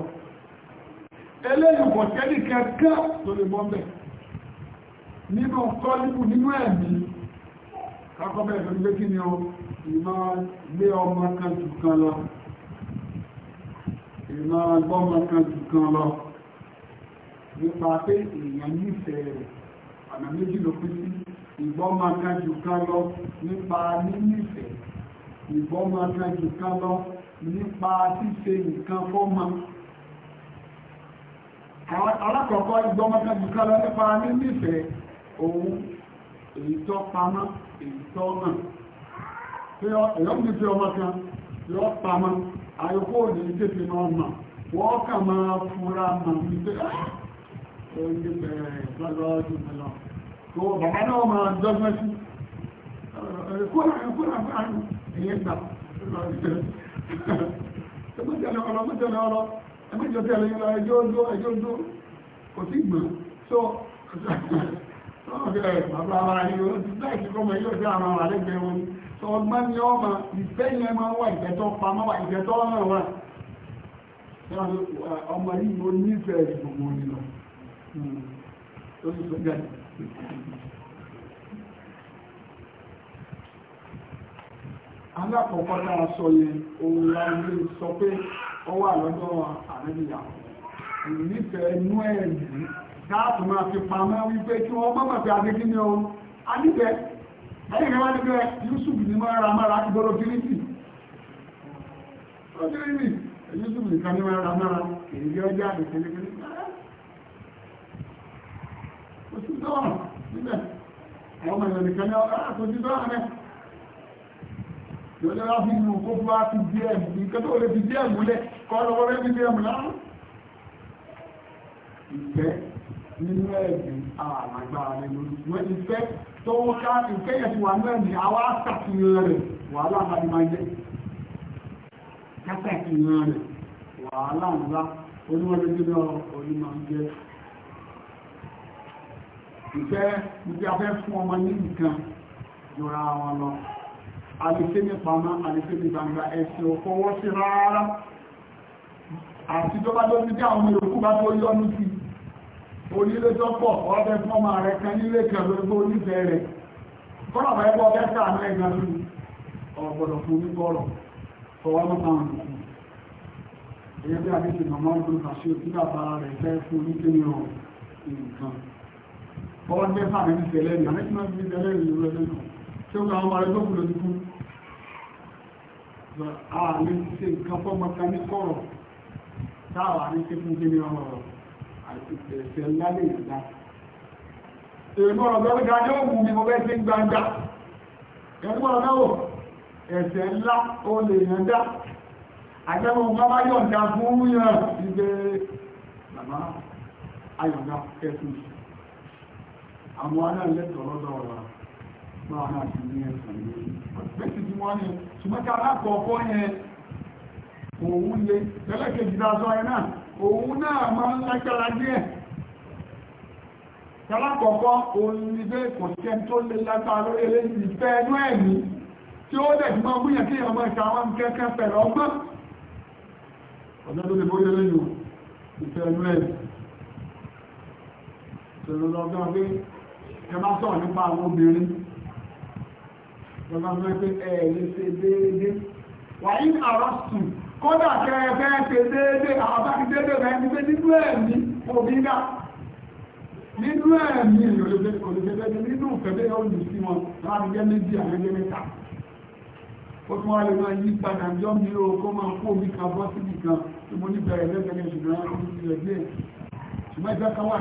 Speaker 2: eléyìn kò tẹ́lì kẹ́kẹ́ tó lè bọ́ bẹ̀ nínú kọ́lípù nínú ẹ̀mí akọ́bẹ̀ ìlú gbé kí ni ó ìmá gbé ọmọ kan jù kan lọ ìmá gbọ́mọ kan jù kan lọ nípa pé èèyàn nífẹ̀ẹ́ rẹ̀ ọ̀nà méjì ló pín sí ìgbọ́mọ kan jù kan lọ nípa nínífẹ̀ẹ́ ìgbọ́mọ kan jù kan lọ nípa ṣíṣe nǹkan fọ́mọ alákọ̀ọ́kọ́ ìgbọ́mọ kan jù kan lọ nípa nínífẹ̀ẹ́ òun èyí tó pamọ́ ìtọ́nà ẹ̀yọ́kùnrin tí ọmọ kan yọ́ pàmọ́ àyíkó òní tètè náà mà wọ́n kà máa fúra mà wípé Ẹgbẹ́jọ́ tí a lè yíra ẹjọ́ ọjọ́ ẹjọ́ ọjọ́ kò sí ìgbà. So, ọgbọ́n ni ọmọ ìfẹ́ yẹn máa wà ìfẹ́tọ́ pamọ́ wà ìfẹ́tọ́ ọ̀rọ̀ wà ọmọ yìí mo nífẹ̀ẹ́ gbogbo nínú tó sì tó gẹ̀ alákọ̀ọ́kọ́ náà sọ yẹn ohun láti sọ pé ọwọ́ àlọ́dọ́ àrẹ́bìyà nífẹ̀ẹ́ nú ẹ̀yìn dáàtù máa fi pamọ́ wípé kí wọ́n mọ́mọ̀ pé adékí ni ohun a níbẹ̀ ẹ̀yìn rẹ̀ wá níbẹ̀ Yusuf ní mọ́ ra mọ́ra ti gbọ́dọ̀ gírísì ó gírísì Yusuf nìkan ní mọ́ ra mọ́ra èyí ọjọ́ àdékí ní kíní ó sì dọ́ọ̀rọ̀ níbẹ̀ àwọn ọmọ ìrìn nìkan ní ah, ọ̀rọ̀ àtòjú dọ́ọ̀rọ̀ rẹ̀ yọjọ́ láti mú kó fún wa ti díẹ̀ mú nǹkan tó lè fi díẹ̀ múlẹ̀ kọ́ lọ́wọ́ rẹ̀ fi díẹ̀ mú láàrú ìfẹ́ nínú ẹ̀sìn àlágbára lẹ́nu wọ́n ti fẹ́ tó ń ká ìkẹyẹ̀ sí wa náà ní àwa àtàkìyàn rẹ̀ wàhálà àbájú máa jẹ́ kátàkìyàn rẹ̀ wàhálà ńlá onímọ̀lẹ́gbẹ̀rẹ̀ onímọ̀ jẹ́ ìfẹ́ níbi afẹ́ fún ọmọ ní nǹkan jọra wọn lọ alìfẹ́ nípa máa alìfẹ́ ní gbangba ẹ̀sìn òfọwọ́sí rárá àti tó bá tó ti dé àwọn ọmọ yòókù bá tó yọ́nú sí onílé tó pọ̀ ọ̀bẹ fọ́mà rẹ̀ kan nílé kan gbogbo onífẹ́ rẹ̀ kọ́nà bá ẹgbọ́ ọ̀bẹ sáà náà ẹ̀gbọ́n fún ọ̀gbọ̀dọ̀ fún ní kọ́rọ̀ fọwọ́ mọ́ táwọn nìkú ẹgbẹ́ bí àdéṣe màmá ọdún kàṣí òkú bàbá rẹ̀ fẹ́ fún ní kí ni ọ̀rọ̀ nǹkan fọwọ́ ní ẹ̀fà mi ní tẹ̀lé ní àmì tí wọ́n fi tẹ̀lé ní ìlú ẹgbẹ́ ṣe nǹkan fọ́mọ ní kọ́rọ̀ táwa ní kí fún kí ni ọ̀rọ̀ àti ẹ̀ṣẹ̀ ńlá lè dá. Èmọ́ ọ̀dọ́ gbígbà ní òun ni mo fẹ́ sí gbangba. Ẹgbọ́n náwó, ẹ̀ṣẹ̀ ńlá ó lè yàn dá. Àjẹ́mọ̀ bàbá yọ̀ǹda fún yàn ibẹ̀ bàbá ayọ̀ǹda kẹsùn. Àwọn aná lẹ́tọ̀ọ́ lọ́dọ̀ ọ̀la máa náà ti ní ẹ̀sán lórí. Bẹ́sì tí wọ́n ní, ṣùgbọ́n ká lákọ̀ọ́kọ́ yẹn òun lé. Tẹ́lẹ̀kejì dáadọ́ ẹ náà òun náà máa ń lágbára díẹ̀ tàlákọ̀ọ́kọ́ òun ní pé kò tẹ́ tó lè lágbára lórí eléyìí ìfẹ́ ẹnu ẹ̀mí tí ó dẹ̀ máa múyàn kí ọmọ ìta wọn kẹ́kẹ́ pẹ̀lú ọgbọ́n ọjọ́ tó lè bóyá lẹ́yìn ìfẹ́ ẹnu ẹ̀mí tẹ̀lú lọ́gbọ́n pé ẹ má sọ̀rọ̀ nípa àwọn obìnrin lọ́gbọ́n pé ẹ̀ẹ́lẹ́sẹ̀ déédéé wà ní àrọ́sùn kọ́dà kẹfẹ́ ṣe déédé àbáki déédé rẹ̀ ní pé nínú ẹ̀mí òbí nínú ẹ̀mí olùgbẹ́gbẹ́ nínú ìfẹ́lẹ́ òní sí wọn láti jẹ́ méjì àrẹ́jẹ́ mẹ́ta ó tún wá lè máa yí padà kó máa kó omi kan bọ́ síbì kan tí mo lẹ́gbẹ̀rẹ̀ ṣùgbọ́n ìfẹ́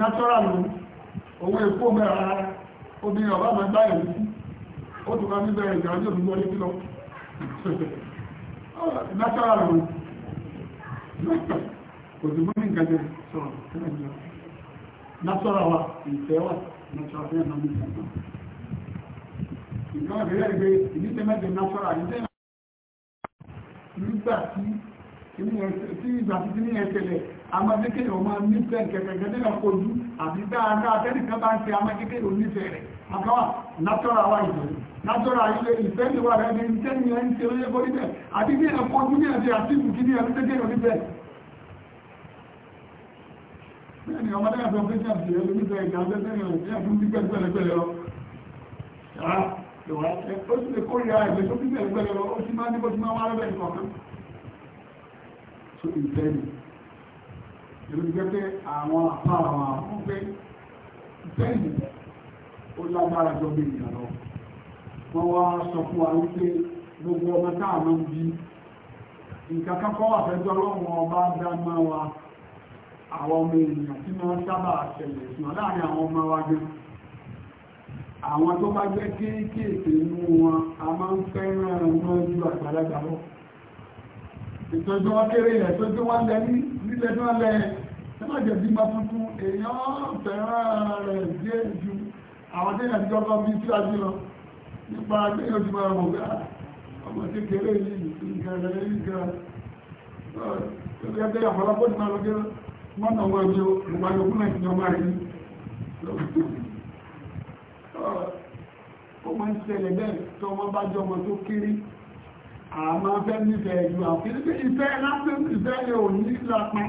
Speaker 2: natural owó obìnrin ọ̀bá máa gbáyà ní sí ó tó ká bíbẹ̀rẹ̀ ìjà ní òdúgbò ní kílọ natural rẹ̀ kò sí mú nǹkan jẹ́ natural wa ìfẹ́ natural fẹ́ náà tí ìgbà tí amájékèrè ọmọ nífẹ̀ẹ́ kẹ̀kẹ̀kẹ́ nígbà kojú àti dáadáa tẹ́nìkan bá ń ṣe amájékèrè onífẹ̀ẹ́ rẹ̀ àkáwà látọ́ra wà ìdòrò látọ́ra ilé ìfẹ́ ìwà rẹ̀ ní tẹ́ni ẹ̀ ń ṣe lóye bó níbẹ̀ àti bí ẹ̀ kojú ní ẹ̀ṣẹ̀ àti ìbùkí ní ẹ̀rí tẹ́kẹ̀rẹ̀ onífẹ̀ẹ́ bẹ́ẹ̀ni ọmọdé àti ọ̀fẹ́ṣẹ́ àti ẹ̀rí onífẹ̀ẹ́ ìgbà lẹ́sẹ̀rẹ̀ ọ̀fẹ́ àti ìgbẹ̀gbẹ̀lẹ́gbẹ̀lẹ́ lọ ó sì lè kórìíra ẹ̀gbẹ̀ tó bí gbẹ̀gbẹ̀lẹ́ lọ ó sì máa lórí pẹ́pẹ́ àwọn apá àwọn àfúnpẹ́ bẹ́ẹ̀ni ó lágbára jọ bí ìyàn lọ wọ́n wá sọ fún wa wípé gbogbo ọmọ táà máa ń bí nǹkan kọ́kọ́ wà fẹ́jọ́ lọ́wọ́ ọba dáná wa àwọn ọmọ ènìyàn tí wọ́n sábà ṣẹlẹ̀ ìsìnà láàrin àwọn ọmọ wa gan àwọn tó bá jẹ́ kéékèèké inú wọn a máa ń fẹ́ràn wọn ju àgbàlagbà lọ ìtọ́jú wọn kéré yẹn tó gbé wọn lẹ́ni nílẹ̀ náà lẹ̀ tẹ́lájẹ̀ bí ma tuntun èèyàn fẹ́ràn rẹ̀ díẹ̀ ju àwọn tí èèyàn jọba bí tí a jùlọ nípa agbẹ́yàn ti máa wọ̀gá ah, ọmọ kékeré yìí nǹkan rẹ̀ nǹkan ẹgbẹ́ àpọ̀lọpọ̀ ti máa lọ́gẹ́ mọ́nà wọn ni ògbà yòókù náà ti jọba rí ó máa ń ṣẹlẹ̀ bẹ́ẹ̀ tí ọmọ bá jọ ọmọ tó kéré àmọ́ fẹ́ nífẹ̀ẹ́ ju àwọn kìí pé ìfẹ́ lásán ìfẹ́ lè ò ní lápá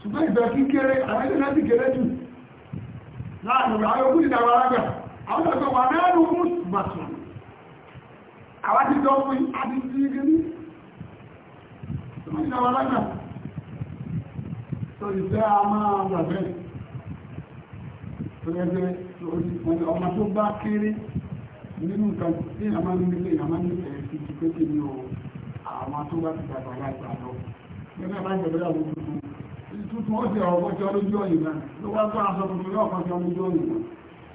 Speaker 2: ṣùgbọ́n ìfẹ́ kíkéré àwọn ilé láti kéré jù láàrin àwọn ogún ìdáwà alágbà àwọn ọ̀sán wà náà ló mú bàtù àwọn ti tọ́ fún àti tí igi ní ìdáwà alágbà tó ìfẹ́ a máa ọmọ tó bá kéré nínú nǹkan tí a máa ń nílé a máa ń nílé ẹ̀sìn ọ̀rọ̀ àwọn tó bá ti dàgbà láìpẹ́ àlọ́ nígbà bá tuntun tuntun ó jẹ́ ọmọ jẹ́ olójú ọ̀yìn náà ló wá gbọ́ aṣọ tuntun náà kan jẹ́ olójú ọ̀yìn náà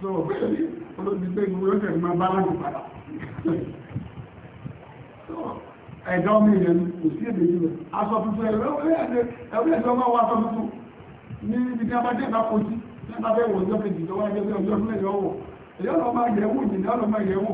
Speaker 2: so bẹ́ẹ̀ ni olóògbé ìlú yóò tẹ̀lé máa bá láti padà ẹ̀dọ́ mi yẹn kò sí èdè yìí rẹ̀ aṣọ tuntun ẹ̀rọ ẹ̀rọ ẹ̀dọ́ máa wọ aṣọ tuntun ní ibi tí a bá dé ìbá kojú tí a bá fẹ́ wọ ọjọ́ kejì tó wáyé ọjọ́ mẹ́jọ wọ̀ èyí ọ̀nà máa yẹ̀ wò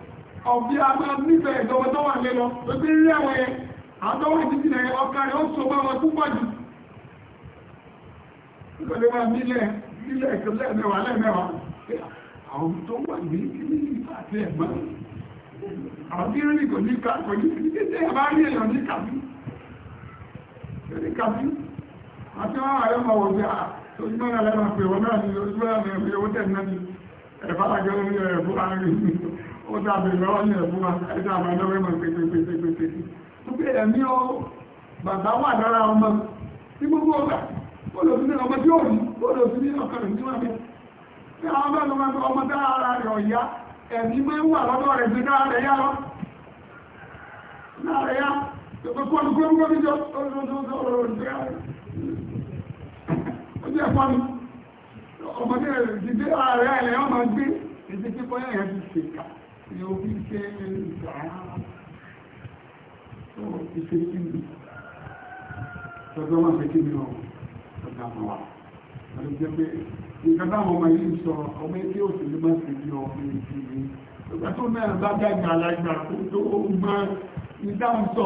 Speaker 2: ọ̀bí àmà nífẹ̀ẹ́ ìdọ́wọ́ tó wà pẹ̀lú rí àwọn ẹ̀ ọkà rẹ̀ ó bá wọn púpọ̀ jù ó dàbẹ̀ lọ́wọ́ ní ẹ̀fún wa ẹ̀dà àbádọ́wẹ́ mọ̀ pẹ̀pẹ̀pẹ̀pẹ̀ tó pé ẹ̀mí ọ bàbá wà lára ọmọ tí gbogbo ọgbà ọmọ tí ó rí ọmọdé ni ó fi ṣe ìgbà tó ìṣe ìlú tọ́jọ́ wọn fẹ́ kí ni ọ tọ́jọ́ wọn wà lọ́dún jẹ́ pé nǹkan táwọn ọmọ yìí sọ ọmọ ẹgbẹ́ òṣèlú máa ṣe bí ọmọ ìṣèlú ìgbà tó mẹ́rin bá dàgbà alágbà tó tó mọ ìdáhùn sọ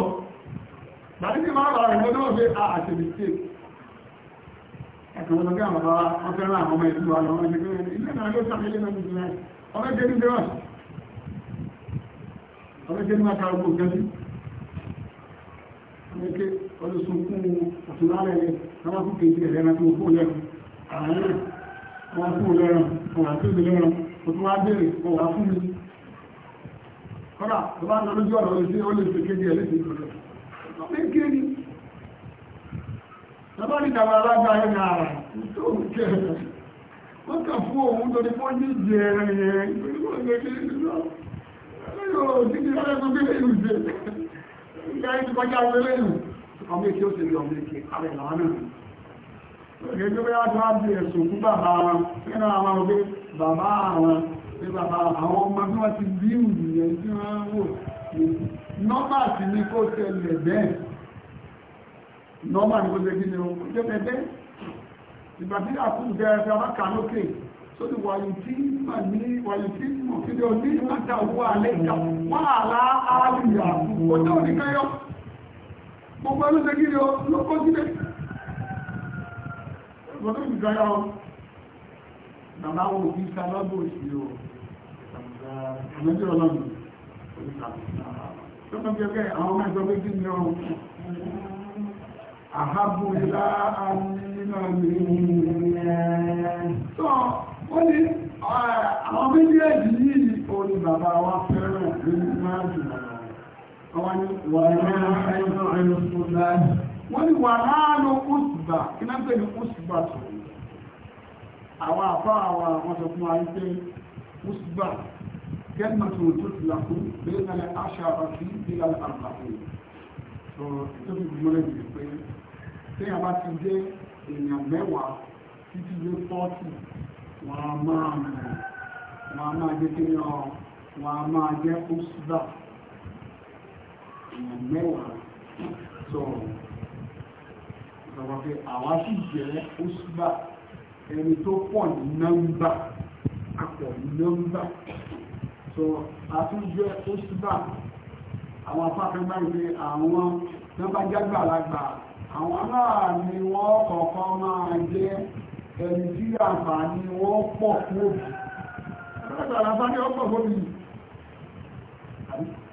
Speaker 2: láti ní máa rà rẹ̀ lọ́dún ọ̀fẹ́ àṣẹ̀lẹ̀ ẹ̀kùn lọ́gbẹ́ àwọn bàbá wọn fẹ́ràn àwọn ọmọ ìlú ọlọ́jẹ́ máa ká ọgbọ̀n gẹ́bí ọlọ́jẹ́ ọlọ́sùnkún ọ̀túnlálẹ̀ rẹ̀ àwọn fún kèjì rẹ̀ rẹ̀ tó fún lẹ́rùn àárín àwọn fún lẹ́rùn ọ̀rọ̀ àti ìlẹ́rùn ọ̀tún wá bèèrè ọ̀rọ̀ fún mi kọ́lá tó bá lọ lójú ọ̀rọ̀ sí ó lè fi kéjì ẹ̀ lẹ́sìn ìkọ̀lẹ̀ ọ̀pẹ́ kéjì lọ́bá ní ìdàgbà alágbà ẹ̀ ní ara tó wọ́n jẹ́ ẹ̀rẹ̀ yẹn Ọmọ èké ó ti rí ọmọ èké, àrẹ ìlànà náà. Ọ̀gẹ́ tó bẹ́ àjọ́ àbí ẹ̀sùn fún bàbá wọn, nínú àwọn ọgbẹ́ bàbá wọn, pé bàbá àwọn ọmọ bí wọ́n ti bí ìrìnlẹ̀ tí wọ́n wò. Nọ́mà sí ní kó tẹ̀lẹ̀ bẹ́ẹ̀. Nọ́mà ní kó tẹ̀lẹ̀ bẹ́ẹ̀ sórí wàyìtí mà ní wàyìtí mọ̀ kí ni o ní àtàwọ̀ alẹ́ ìjà wọ́n àlá àlùyà ọjọ́ òní kẹyọ gbogbo ẹlú ṣegí ni o ló kó sílẹ̀ ọjọ́ òní kẹyọ bàbá wo òbí ká lọ́gbọ̀ òsì o àmọ́jọ́ ọlọ́run tọ́tọ́ bí ọkẹ́ àwọn ọmọ ìjọba kí ni o àhábùlá àmì náà ní ìrìnlẹ̀ ó ní ah, àwọn méjèèjì yìí ó ní bàbá wa fẹ́ràn nínú máa jù àwọn ni wà náà ẹ̀yọ́ ẹ̀yọ́ tó láàrín wọ́n ni wà náà ló kùsùbà kí náà pè ní kùsùbà tó àwọn àfá àwọn àwọn sọ fún ayé pé kùsùbà kẹ́mà tó tó ti làkú bẹ́ẹ̀ náà aṣọ àbàtì ìlà àbàtì tó tó fi gbọ́lẹ̀ jù pé tí a bá ti dé èèyàn mẹ́wàá títí wọ́n a máa mọ̀ wọ́n a máa jẹ́ kí ní ọ wọ́n a máa jẹ́ òṣìṣà èèyàn mẹ́wàá tó ìjọba pé àwa sì jẹ́ òṣìṣà ẹni tó pọ̀ ní nọ́mbà apọ̀ ní nọ́mbà tó àtúnjẹ́ òṣìṣà àwọn afáfẹ́ báyìí pé àwọn nọ́mbà jágbàlagbà àwọn aláàánú wọn kọ̀ọ̀kan máa jẹ́ ẹni tí àǹfààní wọ́n pọ̀ fún ọ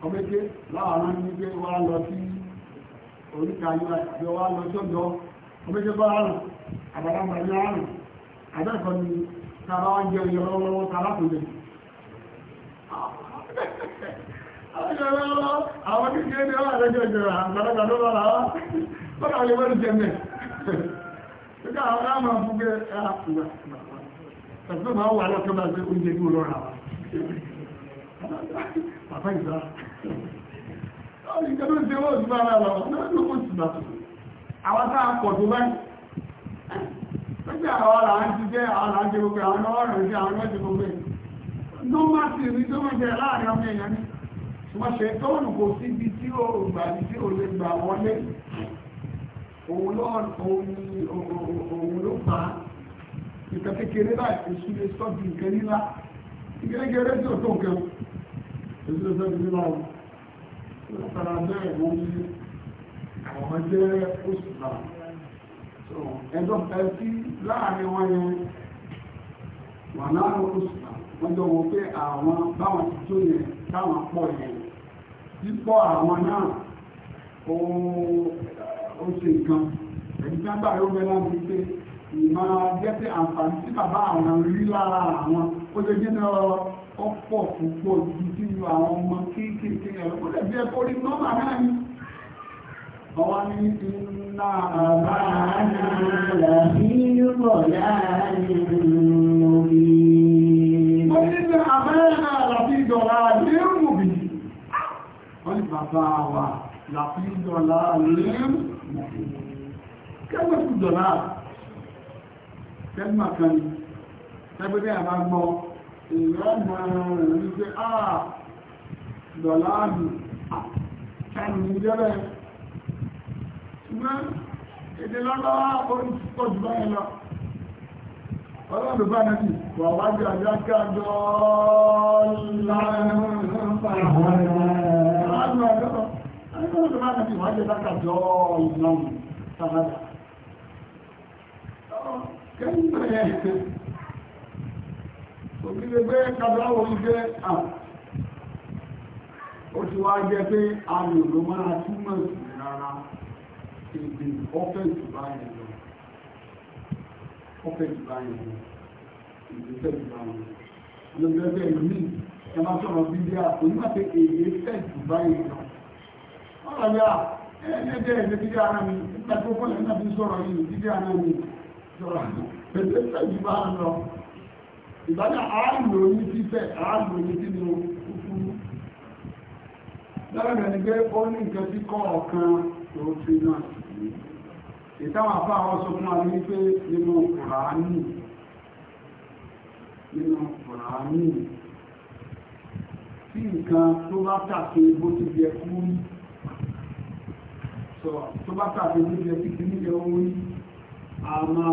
Speaker 2: ọmọdé láàárín ní pé wá lọ sí oríta yíra wá lọ sọ́jọ́ ọmọdé bá rùn àbárámà ní àrùn àbẹ́ẹ̀kọ́ ni tàbá lọ́wọ́lọ́wọ́ tàbá lè ká ọlọ́mọ fún pé àpùwà ah, tàbí máa wà lọ́kọ́ bá gbé oúnjẹ ní olóra wa bàbá ìgbà ìgbà tó ń ṣe wọ́n ti bára lọ náà ló kó ti bàtò àwọn tá a pọ̀ tó báyìí lọ́jọ́ àwọn ará ń ti jẹ́ àwọn ará ń jẹ gbogbo àwọn ọ̀rọ̀ ń jẹ àwọn ọ̀rọ̀ ń jẹ gbogbo normal sí ní tó máa jẹ láàrin ọmọ èèyàn ni wọ́n ṣe tóònù kò síbi tí ó gbà tí ó lè gbà wọlé òun ló pa nǹkan kékeré láti èṣù lè sọ di nǹkan nílá ìgẹ́gẹ́rẹ́ tí ó tó nǹkan èṣù lè sọ di nílá o látara bẹ́ẹ̀ wọ́n ní àwọn jẹ́ oṣù náà ẹjọ́ ẹtí láàrin wọn yẹn wà láàrin oṣù náà wọ́n jọ wọ́n pé àwọn báwọn ti tó yẹn táwọn ó ṣe nǹkan ẹ̀yìn tí wọ́n gbà yóò bẹ́ẹ̀ láti pé ìmọ̀ jẹ́ pé àǹfààní tí bàbá àwọn rí lára àwọn ó ṣe jẹ́ náà ó pọ̀ púpọ̀ ju sí ju àwọn ọmọ kéékèèké ẹ̀rọ ó lè bí ẹ kórìí nọ́mà náà ni. ọwọ́ ní iná àbá àyànlá ní
Speaker 1: ìrọ̀ láàrin omi. wọ́n ní bàbá
Speaker 2: wa làfi ìdọ̀la lérùbì kẹ́gbẹ̀kù dọ̀lá kẹ́gbà kan tẹ́gbẹ̀dẹ́ àbá gbọ́ ìrọ́mọ̀ rẹ̀ wípé àà dọ̀lá àbù kẹ́gbẹ̀kù jẹ́rẹ̀ ṣùgbọ́n èdè lọ́lọ́wọ́ oríṣìíkọ́ jù báyìí lọ ọlọ́dún bá nàbí wà wájú àjáká dọ́ọ̀lá ẹ̀rọ ẹgbẹ́ ọdún máa nàbí wọ́n jẹ́ bá kàjọ ìlọ́mù sábàdà kẹ́yìnbẹ̀rẹ̀ òbílẹ̀gbẹ́ kàbíláwò ń jẹ́ à ó ti wá jẹ́ pé àmì òdó máa túmọ̀ sí rárá èdè ọ́fẹ́ǹsì báyìí lọ ọ́fẹ́ǹsì báyìí lọ ìgbésẹ̀sì báyìí lọ lọ́gbẹ́gbẹ́ ìlú ẹ máa sọ̀rọ̀ bíbí àpò nígbà pé èdè fẹ́ǹsì báyìí lọ ọ̀rọ̀ ẹ̀ẹ́dẹ́ ẹ̀ẹ́dẹ́ dídí ara mi nígbà tó kọ́ lẹ́nà bí sọ̀rọ̀ yìí dídí ara mi sọ̀rọ̀ pẹ̀lú ẹ̀jú bá ń lọ ìbádá àálò ní títẹ̀ àálò ní tí mo kúkúrú lọ́rọ̀ ẹni pé ó ní nǹkan tí kọ́ ọ̀kan tó ti náà ìtàwọn afá àwọn sọ fún wa ní pé nínú kùránì nínú kùránì tí nǹkan tó bá tàkì bó ti tó bá tàbí oúnjẹ títí nílé owó ní àmà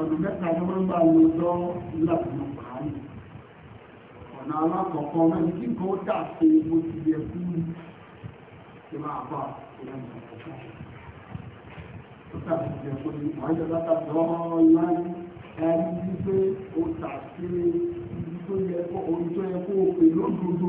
Speaker 2: ọdún mẹ́ta ló máa ń bá lọ lọ láti mọ̀ pàánù ọ̀nà alákọ̀ọ́kọ́ mẹ́rin kí nǹkan ó dà pé o pè lódodo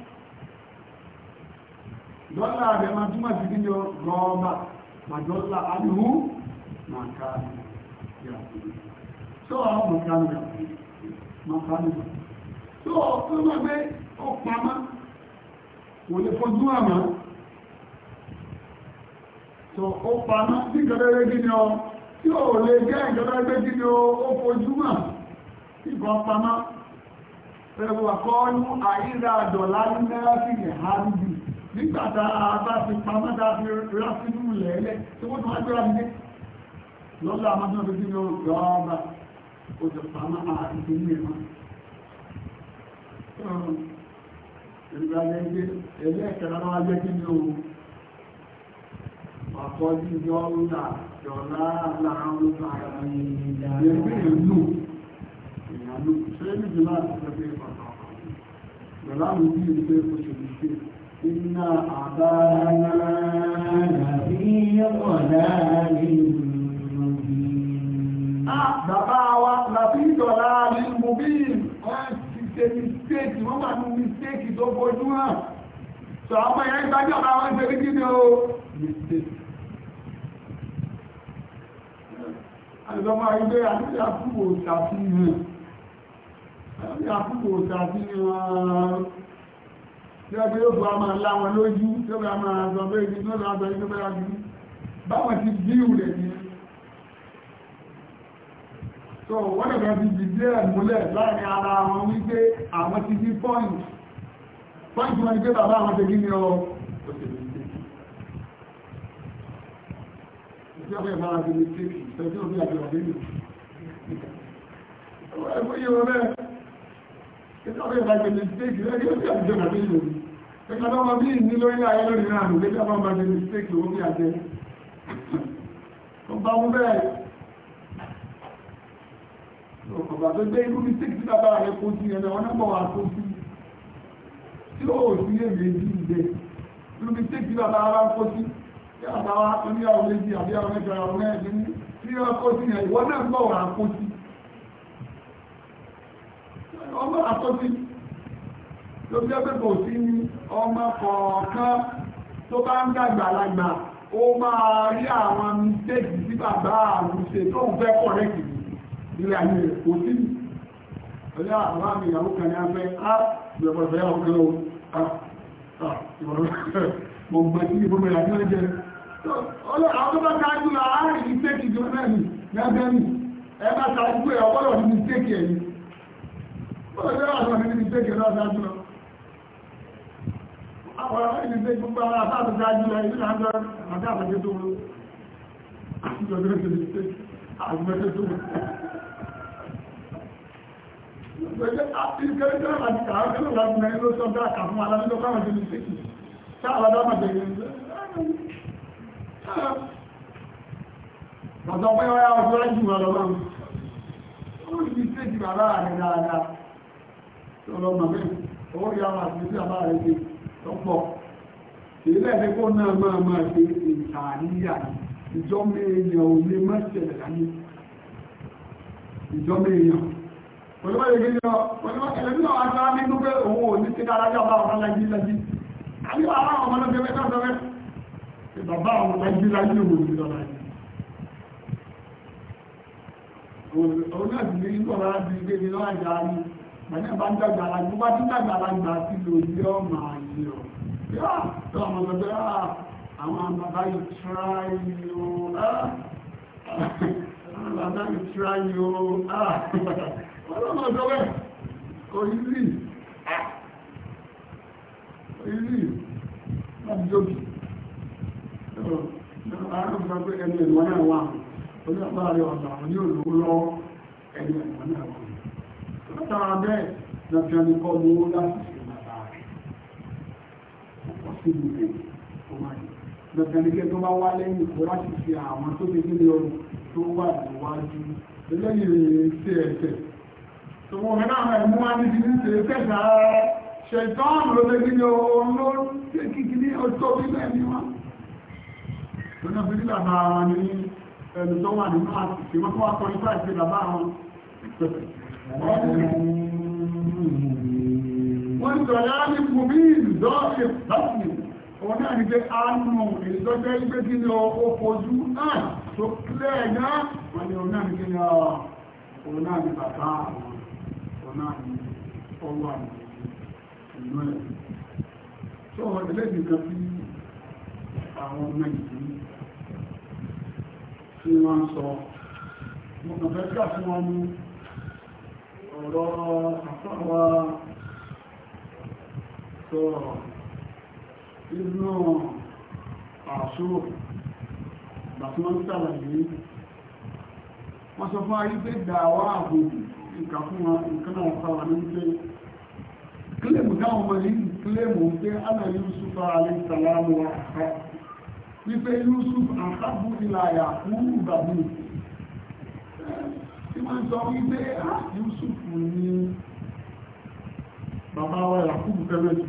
Speaker 2: dọ́là rẹ̀ máa túnmọ̀ sí kí ni rọ́ọ̀bà màdọ́là alùhù màkà yàtì tó àwọn màkà yàtì màkà yàtì tó ọ̀pọ̀ máa gbé ọ̀pamá kò lè fojú àmà tó ó pamá sí gẹ́gẹ́rẹ́ kí ni ọ tí ó lè jẹ́ ìjọdọ́gbé kí ni ó fojú mà ìbọn pamá pẹ̀lú àkọ́ọ́lù àìdá àdọ̀lá ní náírà sí ìhárùbì nígbàtà bá fi pàmọ́dá fi rá sínú lẹ́ẹ̀lẹ́ tí wọ́n tún agbára mi lọ́lá àmọ́dún ọdún ní ọjọ́ ọba ó ti pàmọ́ ìjọ ńlá jọ̀lá láàrín olóògbà àgbà ìgbàlẹ́gbẹ́ ìyàlú tí ní jùlọ àti ìgbàlẹ́gbẹ́ ìpàtàkì jọ̀lá àwọn ìdí ìgbẹ́ òṣèlú إن أعطانا لفي
Speaker 1: ضلال مبين
Speaker 2: ah, Bàbá wa làbí ìdọ̀lá ní Mubin, wọ́n ti ṣe mistéèkì, wọ́n máa ní mistéèkì tó fojú hàn. Sọ àwọn ẹ̀yà ìgbàjọ́ bá wọ́n ṣe rí gídé o. Mistéèkì. Àìsọ́mọ́ ilé àti àkúkò ṣàfihàn. Àti àkúkò ṣàfihàn tí wọ́n gbé yóò fún wa so wọ́n lè fi dìde ẹ̀múlẹ̀ láàrin ara wọn wípé àwọn ti ní pọ́ìntì pọ́ìntì wọn ni pé bàbá àwọn ti gíní ọ Ìjọba ìbára ti ní tèkì, ìfẹ́ Ìjọba ìbájẹ́ ní stéèkì lẹ́gbẹ́ ó sì àjọba bí ìlú. Ìjọba ọmọ bí ìní lórí ayé lórí náà ló lẹ́gbẹ́ ọmọ bàjẹ́ ní stéèkì ó bí àjẹ́. Ó bá mú bẹ́ẹ̀. Ọ̀pọ̀gbà tó gbé irú ní stéèkì tí bàbá rẹ̀ kó sí ẹ̀nà wọn náà bọ̀ wà kó sí. Tí ó sí lè méjì ìgbẹ́. Irú ní stéèkì bàbá rẹ̀ kó sí. Yàrá bá wá oníyàwó méjì àbí àwọn mẹ́ta àwọn mẹ́rin ní ọkọ̀ sí ìwọ náà bọ̀ wà kó sí ọmọ àtọ́sí ló bí ọgbẹ́ kò sí ní ọmọ kọ̀ọ̀kan tó bá ń dàgbà lágbà ó máa rí àwọn mistake tí bàbá àwọn ṣe tó ń fẹ́ kọ̀rẹ́kì nílé ayé rẹ̀ kò sí ní ọjọ́ àwọn àmì ìyàwó kan ní afẹ́ á ah, ìrọ̀pọ̀lọpọ̀ yàwó kan ó ah, ah, mọ̀gbọ̀n sí ìbúrú rẹ̀ àti ọjọ́ àwọn tó bá kájú láàárín mistake ìjọba náà ní ẹgbẹ́ ní ẹ bá kájú pé Ọjọ́ àwọn ẹni ti tẹ́kẹ̀ẹ́ lọ́dájú lọ. Àwọn ẹni tẹ́kẹ̀ẹ́ gbogbo ara àtàtà dájú lọ, ìlú àjọ àtàtà jẹ́ tó wọ́n. Àti ìjọdọ́ ìṣẹ́lẹ̀ àgbẹ̀tẹ́ tó wọ́n. Ìgbẹ̀jẹ́ àti ìgbẹ̀jẹ́ àti kàákẹ́lò láti mẹ́rin ló sọ́dá àkàfún alájọ́ káwọn jẹ́ ní ṣékì. Sáà wọ́n dá màjẹ̀ yẹn. Ọ̀sọ̀ pé wọ́n yá ọdún lájú wọn lọ́wọ́. Ó ti ṣékì bàbá rẹ̀ dáadáa ọlọ́mọ mi owó rí àwọn àti sí àbá rẹ̀ ṣe lọ́pọ̀ ìlẹ́ ẹ̀fẹ́ kó náà máa máa ṣe ìtàníyà ìjọ mẹ́ẹ̀yàn ò lè má ṣẹlẹ̀ láyé ìjọ mẹ́ẹ̀yàn pẹ̀lúmọ̀ lè gẹ́gẹ́ lọ pẹ̀lúmọ̀ ẹlẹ́bí náà wájú láti inú pé òun ò ní ti dára jọ bá ọmọ láyé láyé àbí àwọn ọmọ náà bẹ̀rẹ̀ náà sọ́rẹ́ bàbá ọmọ láyé láyé òun ti lọ́la yìí òun náà sì ní ìgbọ̀nà láti gbé ní lọ́wọ́ àjà ní ẹ̀mí bá ń dàgbà alágbà bá ti dàgbà alágbà sí lórí ọmọ ayé ọ yá tó ọmọ gbẹgbẹ ah, àwọn bàbá yìí tíráyò ah, àwọn bàbá yìí tíráyò ọlọ́mọ gbẹgbẹ kò yí rí ah, kò yí rí láti jókì àwọn gbẹgbẹ ẹni ẹ̀wọ̀n náà wà ó ní ọ̀pá rẹ̀ ọ̀dà àwọn yóò lówó lọ́wọ́ ẹni ẹ̀wọ̀n náà wà látara bẹ́ẹ̀ lọ́fíàní kọ́ mú ó láti lọ́fíàníkẹ́ tó bá wá lẹ́yìn kó láti fi àwọn tó ti nílé ọrùn tó wà níwájú eléyìí rèé sí ẹ̀sẹ̀ tó wọ́n mẹ́ta àwọn ẹ̀mú wá ní ìdílé ṣe fẹ́ta ṣẹ̀tọ́n ló lè nílé ọrùn ló ṣe kíkí ní ọjọ́ bílẹ̀ ní wọn lọ́nà fi nílà bá wọn ní wọ́n ń ní kùbí ìzọ́ ìfẹ́sì òun náà ní pé ánù ìsọ́jẹ́ ìgbé kí náà tó kílẹ̀ wọ́n ni òun ní náà ní bàbá àwọn ní ọwọ́ àwọn ọmọ ìlú ọ̀rọ̀ àfáwà sọ̀rọ̀ inú àṣúrò bàtíwọ́ntàlà yìí wọ́n sọ fún ayé pé dàwà àbòbù nǹkan fún wọn nǹkan náà fáwà ní pé kílèmù dáwọn ọmọ yìí kílèmù pé ana Yusuf alayhi salamu wa àkọ́ wípé Yusuf àkábù ìlàyà fún ìgbàgbù tí wọ́n sọ wípé ah, Yúsùfù ní bàbá wa Yàkúbù fẹ́rẹ̀tù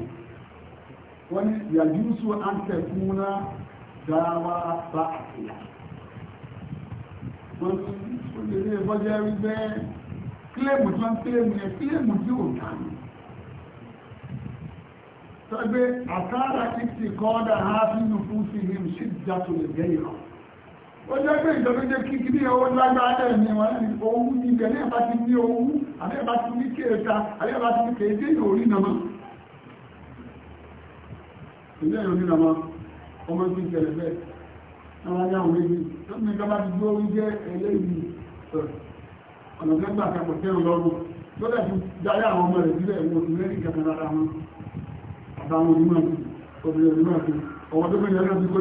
Speaker 2: wọ́n ni yàjúsù àǹtẹ̀ fún náà dáwà bá àkìyà wọ́n tó lè rí ẹgbọ́jẹ́ rí bẹ́ kílèmù tí wọ́n kílèmù yẹn kílèmù tí ò dánù tọ́gbé àtàrà kìtì kọ́ọ́dà ha sínú fún sí him ṣíjà tó lè gẹ́yìn náà ó jẹ́ pé ìjọba jẹ́ kí kìí owó lágbára ẹ̀mí wọn ní ohun ní ibẹ̀ ní ẹ̀bá ti ní ohun àbí ẹ̀bá ti ní kéèta àbí ẹ̀bá ti ní kéèdé orí nàmá ilé ẹ̀rọ ní nàmá ọmọ tí ìṣẹ̀lẹ̀ bẹ́ẹ̀ náà ní àwọn méjì tó ní ká bá ti gbó orí jẹ́ eléyìí ọ̀nà mẹ́gbà kẹpọ̀ tẹ́rù lọ́rùn tó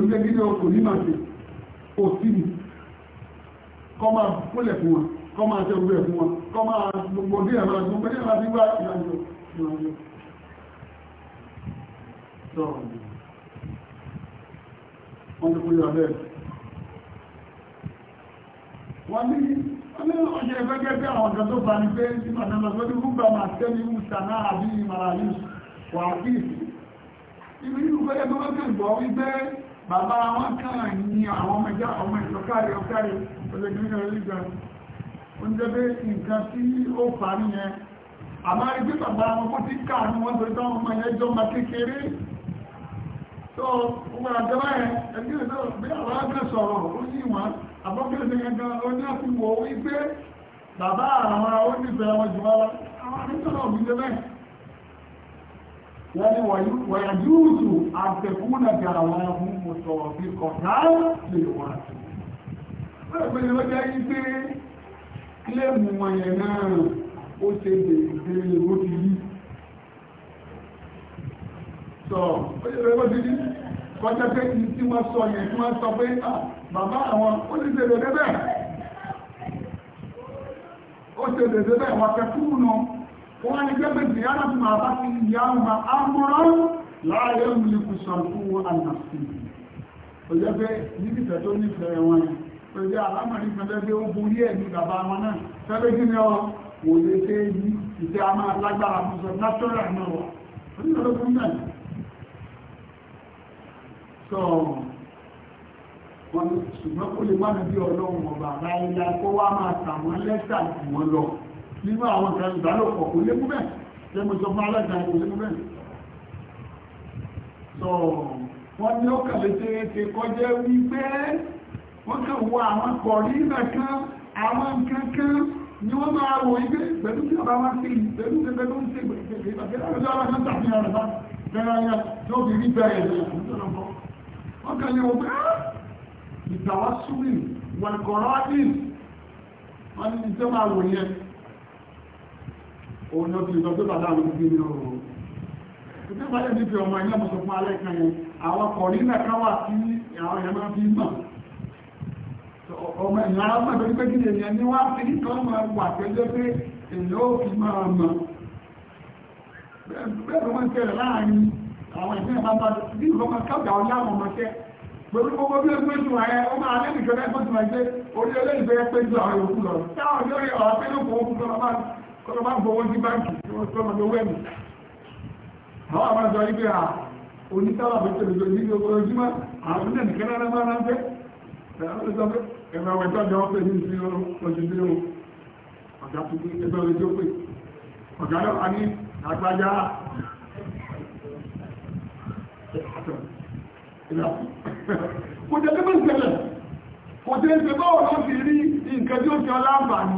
Speaker 2: lẹ́ fi darí kò sí ní kọ́ máa múlẹ̀ fún wọn kọ́ máa tẹ orí ẹ̀ fún wọn kọ́ máa gbogbo dí ẹ̀rọ àgbogbo dí ẹ̀rọ àgbogbo ìrìnàjò wọ́n ti kú yọ bẹ́ẹ̀ wọ́n ní ọjọ́ ẹgbẹ́ gẹ́gẹ́ àwọn ọ̀gá tó bá ní pé tí màtà lọ sọ́dún gbogbo àmà tẹ́lẹ̀ ìwúta náà àbí ìmàrà yìí wà á kí ìsìn bàbá wọn kàn ní àwọn ọmọ ìjọ ọmọ ìlọ́kàrí ọkàrí olóògbé olóògbé oúnjẹ bí nǹkan tí ó fà á nìyẹn àmá rí bí bàbá wọn kó ti káàánú wọn tó tán ọmọ ìyẹn jọ ọmọ kékeré tó ọmọ àjọba wani wayajuzu an tekuna garawahu mutawafiqatan lilwaqi pẹ̀lú ọjọ́ ìgbé kílẹ̀mù wọ̀nyẹ̀ náà ó ṣe bèèrè ó ti yí sọ pẹ̀lú ọjọ́ ìgbé kọjá pé kí tí wọ́n sọ yẹn tí wọ́n sọ pé bàbá àwọn ó ti ṣe bèèrè bẹ́ẹ̀
Speaker 3: ó ṣe bèèrè bẹ́ẹ̀ wọ́n fẹ́
Speaker 2: kúrú náà wọ́n ni gbẹ́gbẹ́ ìyára fún àbá ti ìyára ma á mọ́rọ́ láàrẹ òmìnirí sọ̀rọ̀ fún àlàfí ó jẹ́ pé nígbìtẹ̀ tó nífẹ̀ẹ́ wọn pẹ̀lú alámọ̀rí pẹ̀lẹ́gbẹ́ ó borí ẹ̀mí bàbá wọn náà fẹ́lẹ́ kí ni ọ wò lè ṣe yí ìṣẹ́ a máa lágbára fún sọ nátọ́rà wọn nínú àwọn nǹkan ìdálòpọ̀ kò lé múbẹ̀ tí mo sọ fún alága kò lé múbẹ̀ sọ wọ́n ní ó kàlẹ̀ tí ètè kọjẹ́ wípé wọ́n kàn wọ àwọn kọ̀rí nìkan àwọn nǹkan kan ni wọ́n máa wò ibé pẹ̀lú tí ọba wọn sí pẹ̀lú tí pẹ̀lú ń sí pẹ̀lú ìgbàgbé láàrín ọjọ́ òun ló fi sọ pé bàbá àwọn ti ní ọ̀rọ̀ ìpínlẹ̀ ìpínlẹ̀ níbi ọmọ ilé ọmọ sọpọ̀ alẹ́ kan yẹn àwọn kọ̀rí mẹ́ta wà sí àwọn èèyàn máa fi mọ̀ ọmọ ìyá ọmọ ìtọ́jú pé kíni èèyàn ni wọ́n fi nìkan mọ̀ wà pẹ́jọ́ pé èèyàn ó fi máa mọ̀ bẹ́ẹ̀ ló máa ń tẹ̀lé láàrin àwọn ìpínlẹ̀ bàbá bí ìlú ọmọ kájà ọjà àwọn ọmọṣẹ́ pẹ̀lú gbogbo bí ẹgbẹ́ ìṣù ààrẹ ó máa lé nìkan lẹ́gbọ́n ti máa gbé orí olóyìnbó ẹgbẹ́ ìṣù àwọn ìyókù lọ táwọn olórí ọ̀rọ̀ pé ló fọwọ́ fún ọmọ kọ́lọ́ bá ń fọwọ́ sí báńkì tí wọ́n tọ́mọ lówó ẹ̀mí àwọn àwọn àjọ ibẹ̀ à onítàwà pẹ̀tẹ̀ lójó ní gbogbo ojúmọ́ àwọn ilẹ̀ nìkan náà máa rán fẹ́ ẹ̀rọ ẹ̀tọ́ jọ pé ní ìsinmi lójoojúmọ́ ọ̀gá tuntun ẹgbẹ́ lójó pé ọ̀gá náà ní àgbájá kò jẹ́ lébẹ̀ ìṣẹ̀lẹ̀ kò jẹ́ ìṣẹ̀lẹ̀ bọ́ọ̀ lọ́sì rí nǹkan tí ó ṣe ọlá àǹfààní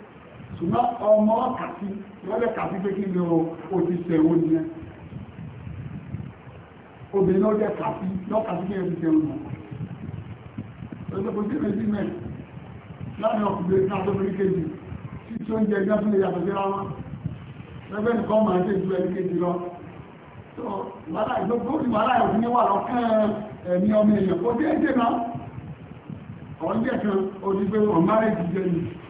Speaker 2: ṣùgbọ́n ọmọ kàtí lọ́lẹ̀ kàtí pé kí ló o ti ṣẹ̀wó ni ẹ obìnrin lọ́jẹ́ kàtí lọ́kàtí pé o ti ṣẹ̀wó nà ọ̀sọ̀kùnrin méjì mẹ́ láàrin ọkùnrin náà tó fi kéjì tí tó ń jẹ iná fún ìyàtọ̀ sí ra wọn lẹ́gbẹ́ nìkan máa ń tẹ̀síwẹ́ ní kéjì lọ tó wàhálà ìgbóhùn ní wà lọ́kàn ẹ̀mí ọmọ èèyàn kò dé ẹ̀jẹ̀ náà ọ̀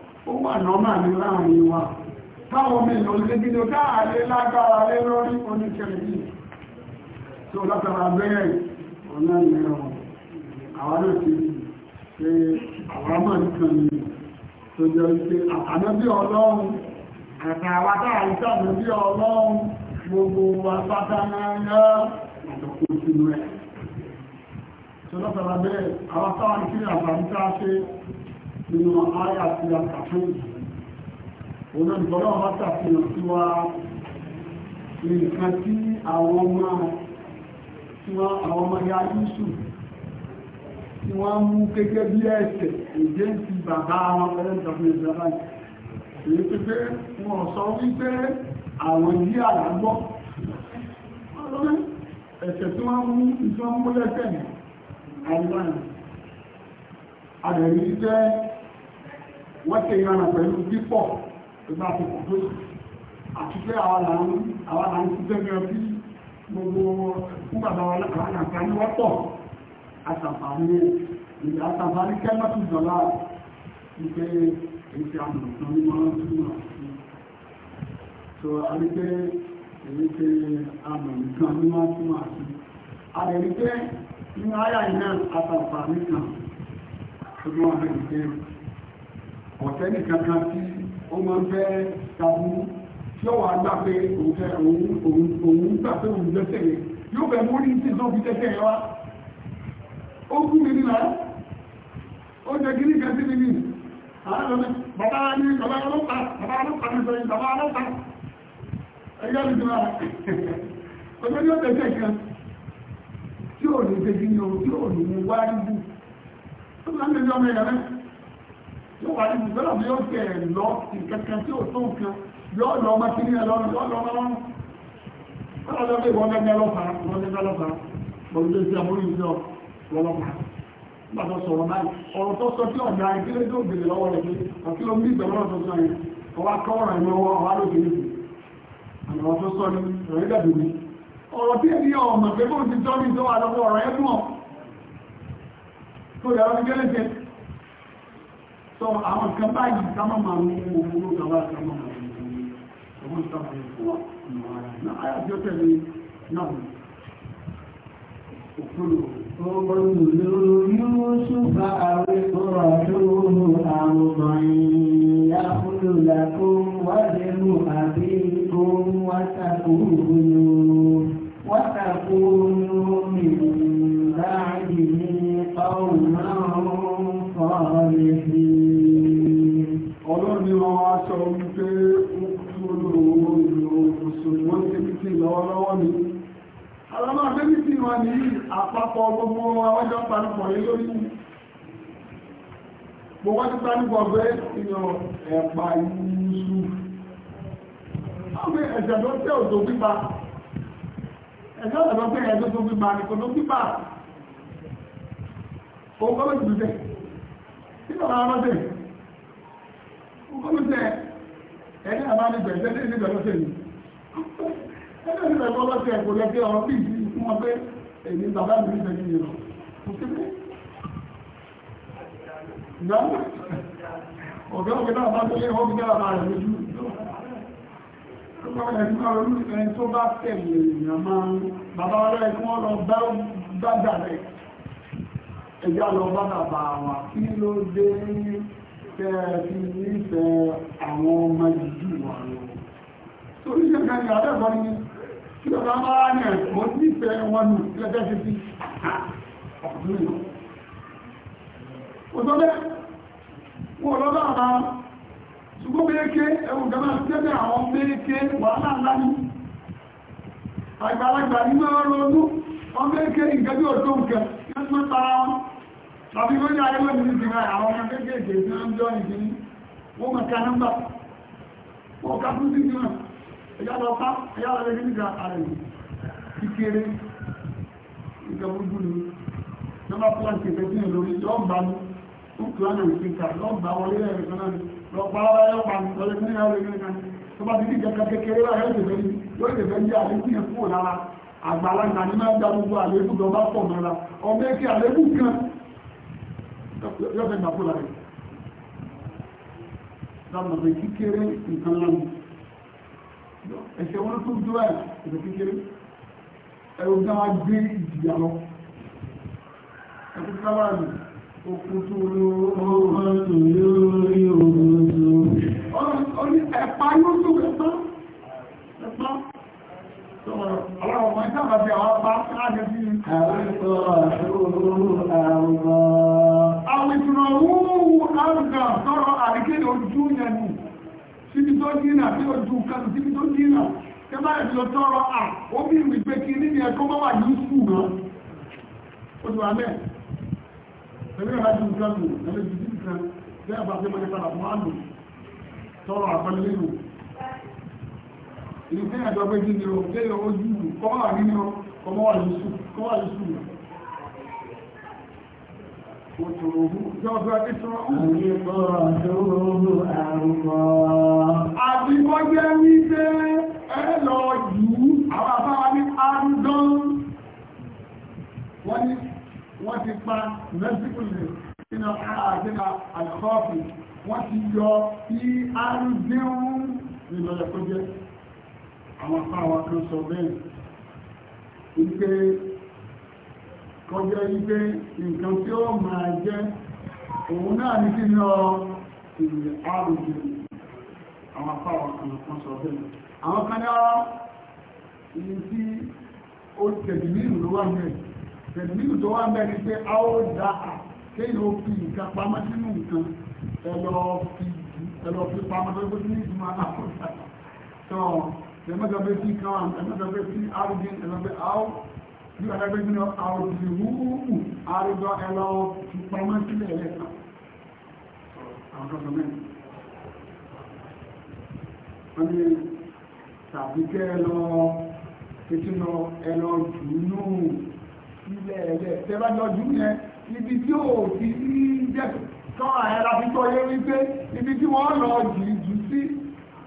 Speaker 2: ó wà nọ́mà ní láàrin wa táwọn ọmọ èèyàn lè gídò káàlé lágbára lé lórí oníkẹ̀lẹ̀ yìí tó látara bẹ́ẹ̀ ọ̀nà ìrìnà àwọn náà ti ṣe àwọn ọmọ nìkan ni tó jẹ́ wípé àtànẹ́bí ọlọ́run àtàwà táàrísà níbí ọlọ́run gbogbo wa pátá náà yá àtọ̀kù sínú ẹ̀ tó látara bẹ́ẹ̀ àwọn táwọn ìkírí àtàrísà ṣe nínú àyà tí a kàfún òun ìtọ́lọ́ wá ṣàfihàn sí wa nǹkan tí àwọn ọmọ tí wọ́n àwọn ọmọ ya yíṣù tí wọ́n mú gẹ́gẹ́ bí ẹ̀ṣẹ̀ ìdé ti bàbá wọn pẹ̀lú ìjọba ìjọba èyí tó pé wọ́n sọ wípé àwọn yí àlágbọ́ ẹ̀ṣẹ̀ tí wọ́n mú ìjọ mú lẹ́sẹ̀ àìláì adẹ̀rí jẹ́ wọ́n tẹ̀ ìrànà pẹ̀lú pípọ̀ ìgbà tó kò tó àti pé àwọn àwọn àwọn ti bẹ́ẹ̀ bí gbogbo fúgbàdà wọn àwọn àǹfààní wọ́n pọ̀ àtàǹfààní ìgbà àtàǹfààní kẹ́mọ́tì dọ̀là ìgbé èsì àmọ̀tàn ní wọ́n túmọ̀ sí so àti pé èsì àmọ̀tàn ní wọ́n túmọ̀ sí àti pé nínú ayà yìí náà àtàǹfààní kan tó lọ́wọ́ àti ọ̀tẹ́nì kankan tí ó máa ń fẹ́ tabu tí ó wà gbà pé òun gbà pé òun lẹ́sẹ̀ yẹn yóò bẹ̀ mú ní tí fi tẹ́tẹ́ yẹn wá ó kú mi nílá ó jẹ́ kí ní kan mi ní bàbá ní ọlọ́pàá bàbá ọlọ́pàá ní sọ yóò wà ní ìgbẹ́lọ̀ mi yóò fẹ́ lọ ìkẹ́kẹ́ tí ó tó nǹkan yóò lọ ọmọ kí ní ẹlọ́run yóò lọ ọmọ lọ́run wọ́n lọ bí wọ́n gẹ́gẹ́ lọ́pàá wọ́n gẹ́gẹ́ lọ́pàá pẹ̀lú lè fi àmúrí ìjọ lọ́lọ́pàá gbàtọ̀ sọ̀rọ̀ báyìí ọ̀rọ̀ tó sọ tí ọ̀dà ìdílé tó gbèrè lọ́wọ́ rẹ̀ pé àti ló ń bí ìgbẹ̀lọ́rọ̀ tó sọ yẹn ọwá kọ́ọ̀rọ̀ ẹ̀mọ́ ọwá lókè nìkú àwọn tó sọ ní ọ̀rẹ́ dàbí mi ọ̀rọ̀ tí ẹni ọmọ pé bóun ti tọ́ ní tó wà lọ́wọ́ ọ̀rọ̀ ẹ̀mọ́ tó dára ní gẹ́lẹ́jẹ́ sọ àwọn nǹkan báyìí sámọ́ máa mú òfúrú tàbá sámọ́ máa mú òfúrú tàbá sámọ́ máa mú òfúrú
Speaker 1: يوسف أرقرته أرضا يأخذ لكم وزن أبيكم وتكونوا وتكونوا
Speaker 2: wọn ní àpapọ̀ gbogbo ọjọ́ panupọ̀ yìí lórí mo wọ́n ti panupọ̀ bẹ́ ìyàn ẹ̀pà ìrúsù àwọn ẹ̀sẹ̀ tó tẹ́ òtò pípa ẹ̀sẹ̀ ọ̀dọ̀ pé ẹ̀sẹ̀ tó pípa nìkan tó pípa òun kọ́ méjì bẹ́ nínú àwọn ọmọdé òun kọ́ méjì ẹ̀ẹ́dẹ́ àbá ní bẹ̀rẹ̀ ẹ̀ẹ́dẹ́ ìgbẹ̀lọ́sẹ̀ yìí ẹ̀ẹ́dẹ́ ìgbẹ̀lọ́sẹ̀ kò lẹ́kẹ́ ọ̀rọ̀ bíi fún wọn pé èmi bàbá mi nífẹ̀ẹ́ nínú lọ kò sí pé ìgbà ọ̀gá ọ̀gá náà bá tó lé ọ̀gá ìgbà bá rẹ̀ lójú lọ́pọ̀ ẹ̀sùn máa ronú ẹni tó bá tẹ̀lé èèyàn máa ń bàbá ọlọ́ ẹ̀kún ọ̀rọ̀ bá gbàgbà rẹ̀ ẹjá lọ bá bàbá wa kí ló dé tẹ́ tí o anya máa ní ẹ̀mọ́ nífẹ̀ẹ́ wọn nù ọ bụ sí ọkùnrin náà òtọ́ bẹ́ẹ̀ wọ́n lọ́dọ̀ àwọn ṣùgbọ́n méèké ẹ̀wọ̀n gẹ́gẹ́ máa tẹ́lẹ̀ àwọn méèké wàhálà ńlá ní àgbàlagbà nínú ọrọ̀ ọdún nke ndị ndị ẹ̀yà lọ bá ẹ̀yà lọ lẹ́gbẹ̀ẹ́ nígbà ààrẹ kékeré ìjọbúgbù ni nọ́mbà plant ìfẹ́sìn lórí lọ́gbà ní ó kìlá náà ní kíkà lọ́gbà wọlé ẹ̀rẹ̀ kan náà lọ́gbà lọ́gbà ní lọ́lẹ́ fún ìyá lórí kan tó bá ti ní ìjọba kékeré láàrẹ̀ ìjọba ẹ̀ṣẹ̀ wọn tó dúró ẹ̀ ìlú kékeré ẹ̀rọ tí wọ́n gbé ìjìyà lọ ẹ̀kú tí wọ́n wà ní okùn tó lórí orí ẹ̀pá yóò tó ẹ̀pá ẹ̀pá Àwọn ọmọ ìjọba bí àwọn apá láti bí àwọn ìṣòro àwọn ìṣòro àwọn ìṣòro àrùgbà sọ́rọ̀ àríkẹ́ ojú yẹn ni síbi tó dínà tí ó ju kan síbi tó dínà tẹ́ bá rẹ̀ lọ tọ́rọ à ó bí ìwé pé kí níbi ẹ̀kọ́ bá wà ní sùn náà ó ti wà mẹ́ ẹgbẹ́ ìwà ju nǹkan nù ẹgbẹ́ ju síbi kan bẹ́ ẹ̀ bá fẹ́ mọ́ni padà fún àlù tọ́rọ àpẹẹlẹ́nu ìlú kẹ́yà jọ pé kí ni o kẹ́yà ojú kọ́ wà nínú kọ́mọ́wà yìí sùn Àbíkọ́jẹ́ wípé ẹlọ yìí, àwọn àbáwa ní àrùdán, wọ́n ni wọ́n ti pa mẹ́síkùlù nínú àdínà àkọ́ọ̀fì, wọ́n ti yọ tí àrùdínrún nìlọ̀lẹ̀kọ́jẹ́. Àwọn àbáwa kan sọ bẹ́ẹ̀ kọjọ́ wípé nǹkan tí ó máa jẹ́ òun náà ní kí lọ ìrìn àrùjù àwọn afáwọ̀ kan sọ bẹ́ẹ̀ àwọn kan dára ìyí tí ó tẹ̀dìmínú ló wà mẹ́ tẹ̀dìmínú tó wà mẹ́ ni pé a ó dá à kéyìn ó fi nǹkan pamọ́ sínú nǹkan ẹlọ fi pamọ́ tó gbóṣù ní ìtumọ̀ àkọ́kọ́ tọ́ ẹ̀mẹ́gbẹ̀ẹ́ sí kan ẹ̀mẹ́gbẹ̀ẹ́ sí àrùjù ẹ̀mẹ́gbẹ̀ẹ́ bí ọ̀dẹ́gbẹ́gbẹ́ náà àrùsì wúúkù àrùsọ ẹlọ pọmọ sílẹ̀ ẹlẹ́ta àwọn ọ̀sọ̀ mẹ́rin wọ́n ni tàbí kẹ́ ẹlọ títínà ẹlọ jùúnú sílẹ̀ ẹlẹ́ tẹ́bájọ jùúnú ibi tí ó ti rí jẹ́ kọ́ àyẹ́ra fi tọ́ yé wípé ibi tí wọ́n lọ jìí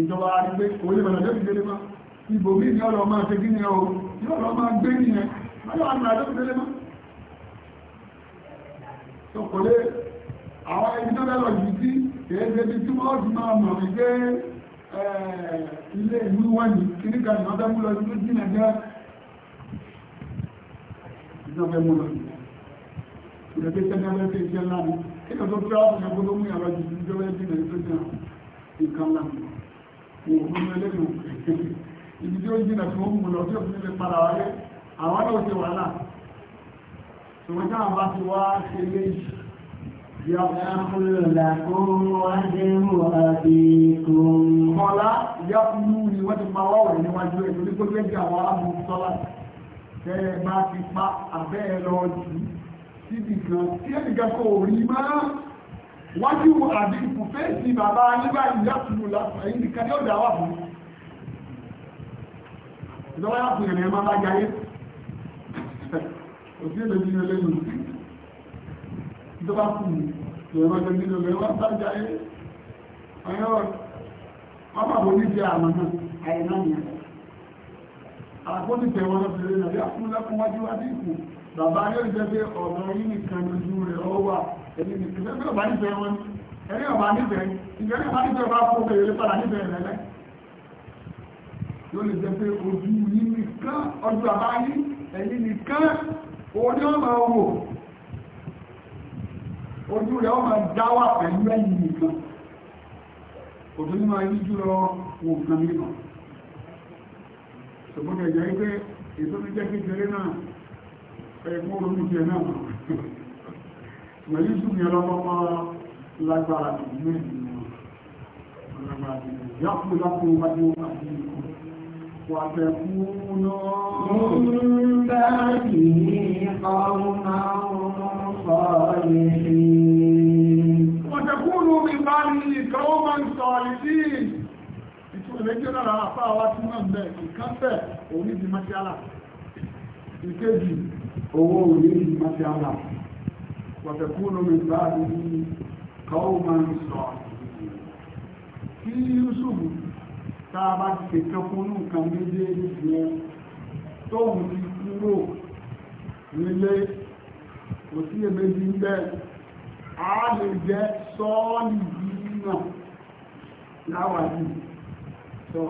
Speaker 2: ìjọba àrígbé orílẹ̀-èdè ló ti délé mọ́ ibò mí ni ọlọ́ máa ṣe gíní ọ̀rọ̀ yóò lọ máa gbé nìyẹn mọ́lọ́ àmì àdó ti délé mọ́ tó kò lé àwọn ibi tó bẹ́ lọ jù sí èéṣe bí tí wọ́n ti máa mọ̀ ní pé ilé ìlú wọn ní kíníkà ní ọjọ́ mú lọ sí ló jìnà jẹ́ ìjọba mú lọ ìrẹ̀gbẹ́ sẹ́gbẹ́ fẹ́ iṣẹ́ ńlá ni kí ni tó tó tó àwọn ẹgbẹ́ tó mú ìyàwó jù sí ìjọba jìnà ìjọba nǹkan lánàá òògùn ẹlẹ́dùn ibi tí ó jìnà tó ń mú lọ tí ó fi lè padà wáyé àwọn náà ti wà náà ṣùgbọ́n táwọn bá ti wá ṣe léyìí Yọ̀kúnlá kún wájú àbíkún. Kọ́lá yọ́kúnlú ni wọ́n ti pa wọ́wọ̀ níwájú ẹ̀ torí kó jẹ́jẹ́ àwọn ààbò sọ́lá. Tẹ́ẹ̀ bá ti pa abẹ́ ẹ̀ lọ jù síbì kan tí ẹnìkan kò rí máa wájú àbí ìpùfẹ́ sí bàbá nígbà ìyàtùlù láàrín nìkan yóò dáwà fún ìjọba yàtù ìrìn ẹ̀mọ́ bá jayé òsì èdè jí ẹlẹ́nu ìjọba kù ìrìnàjò jí ẹlẹ́wà bá jayé ọ̀yọ́ wọ́n bàbá oníjẹ́ àmà náà àìná ni àkóní tẹ̀wọ́n lọ sílé náà yàtùlù lẹ́kùn wájú àbí ìpù bàbá yóò jẹ́ pé ọ̀dọ́ yìí nìkan lójú rẹ̀ ọwọ́ èmi nìkan lẹ́gbẹ́ ọ̀bá nífẹ̀ẹ́ wọn ẹni ọ̀bá nífẹ̀ẹ́ ìgbẹ́ni ọ̀bá nífẹ̀ẹ́ bá fún ọ̀bẹ̀ ìrẹ́ padà nífẹ̀ẹ́ rẹ̀ lẹ́ yóò lè jẹ́ pé ojú yín nìkan ọjọ́ àbá yín ẹ̀yin nìkan orí ọmọ wò ojú rẹ̀ ọmọ dáwà pẹ̀lú ẹ̀yin nìkan òtú ní yí jùlọ wò nǹkan ṣùgbọ́n ẹ̀jẹ̀ pé ètò ti jẹ́ kékeré náà ẹ̀kún olómi náà ìwẹ̀lú ìsúnmí ọlọ́mọ́mọ́ lágbára ìlú ìlú ọlọ́gbàrá ìlú yàpù lápò wájú àti ìkọ̀ وتكونوا من بعده قوما صالحين وتكونوا من lára àfáà wá tí wọ́n ìkánfẹ́ òní di mọ́ṣálà ìkéjì owó òní di mọ́ṣálà وتكون من بعده قوما صالحين kí Yusuf tá a bá ti kẹ̀kẹ́ fún nǹkan méjèèjì yẹn tóun ti kúrò nílé kò sí èméjì ń bẹ́ẹ̀ a lè jẹ́ sọ́ọ̀lì yìí náà láwàájú tó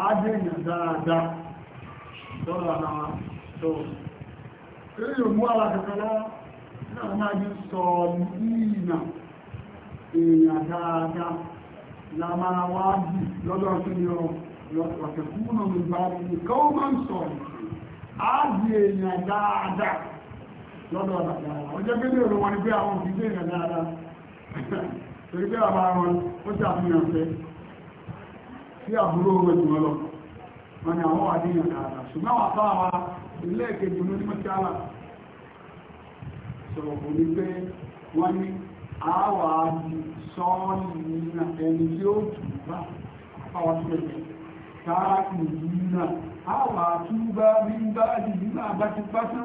Speaker 2: a dèèyàn dáadáa na sọ ìyìnà èèyàn dáadáa la máa wá bù lọ́dọ̀ ni ọ sọ á di èèyàn dáadáa lọ́dọ̀ ọ̀dàdà ọjọ́ pé ní òrùwọ́n ni pé àwọn òfìsẹ́ èèyàn dáadáa torí pé àbá wọn ó ti àfihàn fẹ́ sí àbúrò wọn jù wọn lọ wọn ni àwọn àdéhùn sọ̀rọ̀ kò ní pé wọ́n ní àwà àti sọ́ọ̀lì nínú ẹni tí ó túbá àpáwà tó lẹ̀ káàkì nínú àwà túbá ní bá di nínú àbájú pátá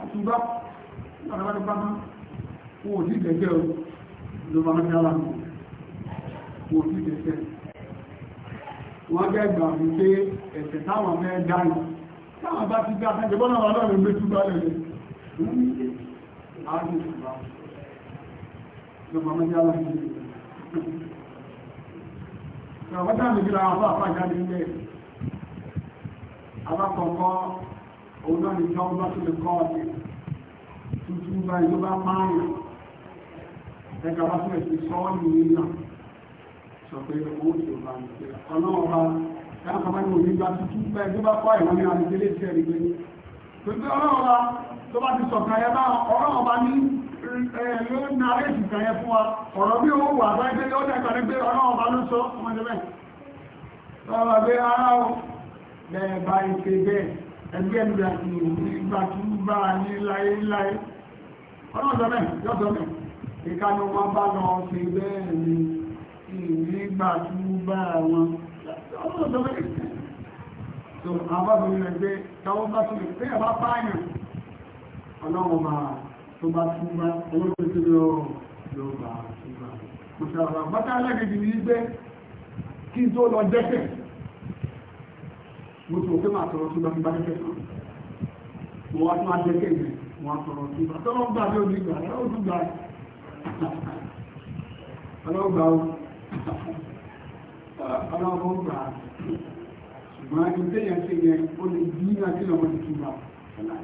Speaker 2: àtúbá àbájú pátá wọ́n ò ní gẹ̀gẹ́ o ló máa ń dára wọ́n ò ní gẹ̀gẹ́ wọ́n gẹ́gbà wípé ẹ̀sẹ̀ táwọn mẹ́ dáná táwọn bá ti gbá àtàkì bọ́nà wà lọ́rẹ̀ méjì bá lẹ̀ lè Alákọ̀ọ́kọ́ òun náà ni jọun bá tó lè kọ́ ọ̀dẹ̀ tuntun bá ìlú bá márùn-ún ẹgbà bá tó lè fi sọ́ọ́ nìyí náà sọ pé owó tí ó bá ń pè ọlọ́ọ̀bá àwọn ọmọ ìwọ̀n nígbà tuntun bẹ́ẹ̀ tó bá kọ́ ìwọ̀n ní àwọn ìdílé ìṣẹ́ rí gbẹ́ni torí ọlọ́run wa tó bá ti sọ̀kan yẹn bá ọlọ́run bá ní ló ń narí ìsìnkàn yẹn fún wa ọ̀rọ̀ bí ó wà bá gbé ó dẹ̀kọ̀ ní pé ọlọ́run bá ló sọ ọmọ ìjọba ọ̀rọ̀ bí ara ó bẹ̀rẹ̀ bá ìpè bẹ́ẹ̀ ẹgbẹ́ ìgbà tí ìgbà tí ń bá ní láyé láyé ọlọ́run sọ bẹ́ẹ̀ yọ́sọ bẹ́ẹ̀ ìkànnì wọn bá lọ sí bẹ́ẹ̀ ni ìgbà tí ń bá wọn ọmọ ọ̀dọ́ mẹ́rin so àbábìnrin rẹ̀ pé tàwọn bá tún pé ẹ̀bá pààyàn ọlọ́run bá tó bá tún bá olóògbé tó lọ yóò bá tún bá mo ṣàrà bátá alágbèjì ní gbé kí n tó lọ dẹ́sẹ̀ mo tó pé màá tọrọ tó lọ nígbà dẹ́sẹ̀ kan mo wá tún adẹ́sẹ̀ yẹn mo wá tọrọ tó bá tọrọ gbà bí ó di gbà ọlọ́run gbà ọlọ́run gbà ó ọlọ́wọ́ gbà á ṣùgbọ́n ẹni tẹ́yàn ṣe yẹn ó lè bí náà kí lọ́wọ́ ti túbà ọ̀la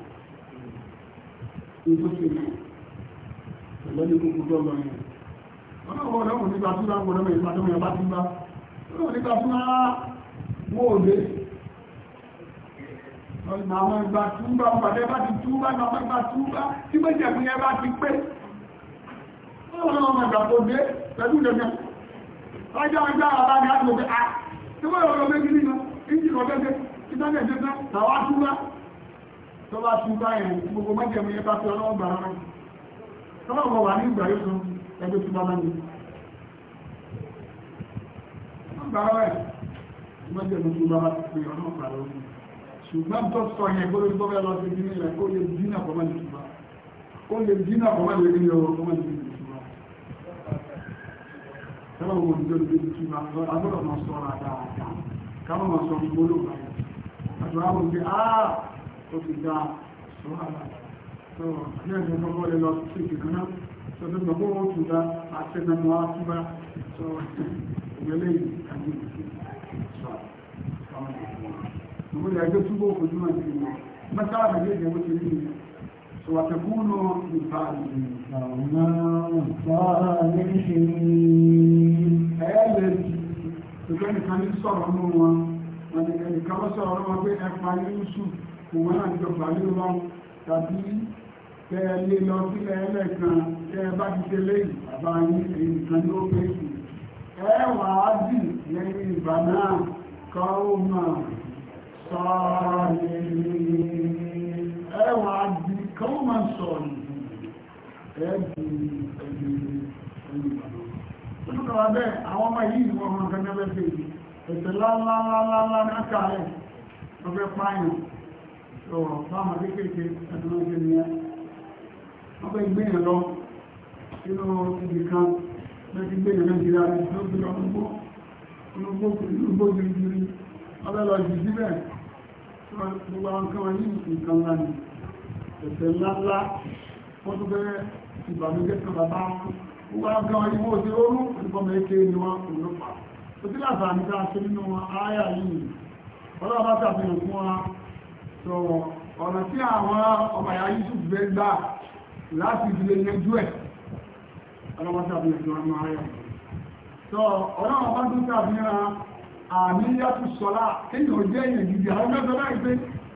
Speaker 2: ní tó ṣe yẹn lọ́dún kúkú tó lọ yẹn ọlọ́wọ́ ọlọ́wọ́ nípa túbà ń gbọ́dọ̀ mẹ́rin pàtó mẹ́rin bá túbà ọlọ́wọ́ nípa túbà wọ́n ò dé ọ̀nà àwọn ìgbà túbà pàdé bá ti túbà náà ìgbà túbà tí méjèèjì yẹn bá ti pé ọlọ́wọ́ ọmọ ìgbà tó dé pẹ̀lú ìjọba ọjọ́ ọjọ́ ọba ni a ti gbogbo a tí wọ́n yọ̀rọ̀ méjì nínú ìjì ọ̀gẹ́gẹ́ ìtọ́jẹ́ ìjọba tàwa túbá tó bá túbá yẹn gbogbo mọ́jẹ̀mú yẹn bá fi ọlọ́wọ́ gbà rárá tọ́wọ́ wọ̀ wà ní ìgbà yóò tún ẹgbẹ́ túbá bá ní mọ́jẹ̀mú túbá bá fi ọlọ́wọ́ gbà rárá ṣùgbọ́n tó sọ yẹn kó ló tó fẹ́ lọ sí ìdílé rẹ̀ kó lè dínà kọ́mọ́ kọ́lọ̀ wo ní ojú ojú ma sọ agbọ́dọ̀ ma sọ ọ̀rọ̀ àdáadáa káwọn ma sọ gbóló báyìí àti wàá wọ́n pé áà ah, ó ti dá sọ́hálà tó ní ẹ̀sẹ̀ tó kọ́ lè lọ sí ìgbìmọ̀ náà tó tó gbọ́ wọ́n tún dá àti ẹ̀nàmọ́ wá sí bá tó ìgbẹ́lẹ̀ yìí àti ìgbìmọ̀ sọ àwọn ìgbìmọ̀ وتكونوا في صالحين Ìgbẹ́ni kan ní sọ̀rọ̀ mú wọn, wọn ni ẹni kan sọ̀rọ̀ wọn pé ẹpa Yúsù kò wọ́n náà jọ pàlú wọn tàbí tẹ́ẹ̀lé lọ sílẹ̀ ẹlẹ́kan tẹ́ẹ̀ bá ti ṣe lẹ́yìn bàbá yín èyí kan ní ó pé sí. Ẹwà á dì lẹ́yìn ìgbà náà kọ́ ó máa sọ̀rọ̀ ẹwà á dì nǹkan ó máa ń sọ ọ̀nà ẹ̀ẹ́dì ẹ̀mí ẹ̀mí ìbàdàn tó bẹ́ẹ̀ àwọn ọmọ yìí wọ́n wọn kan náà fẹ́ ẹ̀sẹ̀ lálálálá náà rẹ̀ wọ́n fẹ́ pààyàn tó fáwọn kéékèèké ẹ̀dùnú ṣe ní ẹ́ wọ́n fẹ́ gbéyàn lọ nínú ibi kan lẹ́ti gbéyàn nàìjíríà ló fi lọ gbogbo olùgbò gbìrìgbìrì wọ́n fẹ́ lọ jù síbẹ̀ gbogbo àwọn kan yìí nǹkan lánìí ẹ̀fẹ̀ ńláńlá wọ́n tó bẹ́rẹ̀ ìbànújẹ́ tó bàbá wọn wá gan ìwọ́ òsì orú ìbọmọ eke ni wọ́n kò ló pa tó tí láti àmì ká ṣe nínú ààyà yìí ọlọ́wọ́ bá fún wa sọ ọ̀nà tí àwọn ọmọ ìyá Yusuf fẹ́ gbà láti ìdílé yanjú ẹ̀ ọlọ́wọ́ ṣàfihàn fún wa nínú ààyà sọ ọlọ́wọ́ bá tún àmì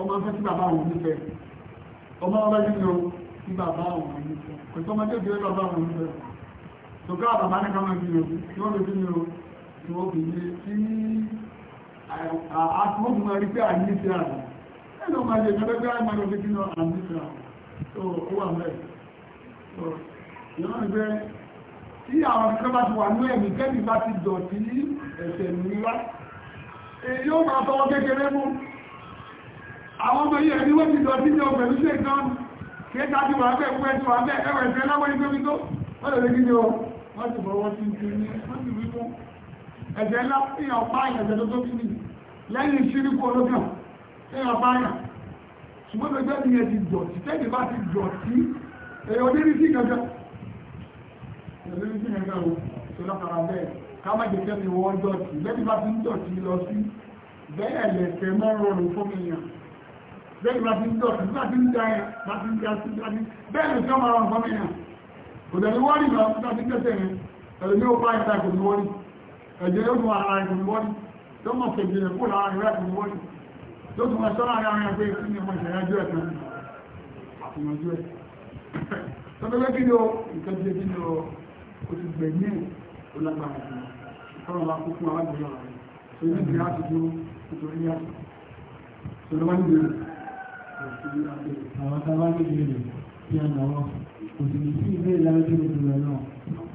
Speaker 2: ọmọ fẹ́ sí bàbá àwọn onífẹ́ ọmọ ọmọ nínú sí bàbá àwọn onífẹ́ kò tó ọmọdé bí ó bàbá àwọn onífẹ́ tó ká bàbá ní káwọn bí yòó tí wọ́n lè bí yòó tí wọ́n fi yé tí àtúwọ́n fún ẹrí pé àníṣe àrùn ẹ̀nà ọmọ ẹ̀jẹ̀ ìjọba pé àìmọ̀ ló fi kí náà àníṣe àrùn ó wà tí àwọn akẹ́kọ̀ọ́ bá ti wà ní ẹ̀mí kẹ́mí àwọn ọmọ yìí ẹni wọ́n ti lọ sí ìjọ pẹ̀lú ṣe ìtàn kí é dájú wà bẹ́ẹ̀ fún ẹ̀tù àbẹ́ ẹwẹ̀ ìfẹ́ láwọn ìgbé mi tó wọ́n lè gíní o wọ́n ti bọ̀wọ́ sí ti ní wọ́n ti wí fún ẹ̀jẹ̀ ńlá èèyàn pààyàn ẹ̀jẹ̀ tó tó bí mi lẹ́yìn ṣíríkù olókàn èèyàn pààyàn ṣùgbọ́n tó gbẹ́ nìyẹn ti dọ̀tí tẹ́lẹ̀ bá ti dọ̀tí èèyàn onírí sí kankan èèyàn onírí sí kankan o tó lọ́kàrà bẹ́ẹ̀ ká má jẹ́ kẹ́mi wọ́n dọ̀tí lẹ́bí bá ti ń dọ̀tí lọ sí bẹ́ẹ̀ lẹ̀kẹ́ mọ́ rọrùn fún mi yàn lẹ́yìn bá ti ń dọ̀tí bá ti ń da ẹ̀ bá ti ń da sí bá ti bẹ́ẹ̀ ni sọ́mọ àwọn ọmọ èèyàn kò dẹ̀ ní wọ́n rí bá ti tẹ́tẹ̀ rẹ̀ ẹ̀rọ ní ó bá ìta kò ní wọ́n rí ẹ̀jẹ̀ yóò mú ara ẹ̀kò ní wọ́n rí tó mọ̀ tẹ̀jẹ̀ rẹ̀ kó lára rẹ̀ kò ní wọ́n rí tó tún wọn sọ́nà ara rẹ̀ pé kí ni ọmọ àwọn tábà
Speaker 1: ní ìbéèrè tí a náwó kò sì ní sí ìbéèrè lábẹ́jú ní ìbéèrè náà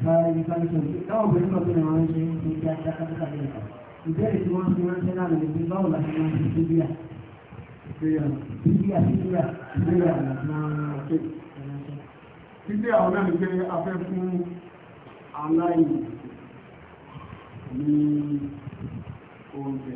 Speaker 1: báyìí ní káńtọ̀ táwọn obìnrin náà bẹ̀rẹ̀ wọn ṣe ní kí á dá káńtà ní ẹ̀ka ìbéèrè tí wọ́n fi ránṣẹ́ náà lè fi báwo láti máa fi síbíà
Speaker 2: síbíà síbíà síbíà láti máa ránṣẹ́. àwọn náà pé a fẹ́ fún aláìní ní oúnjẹ.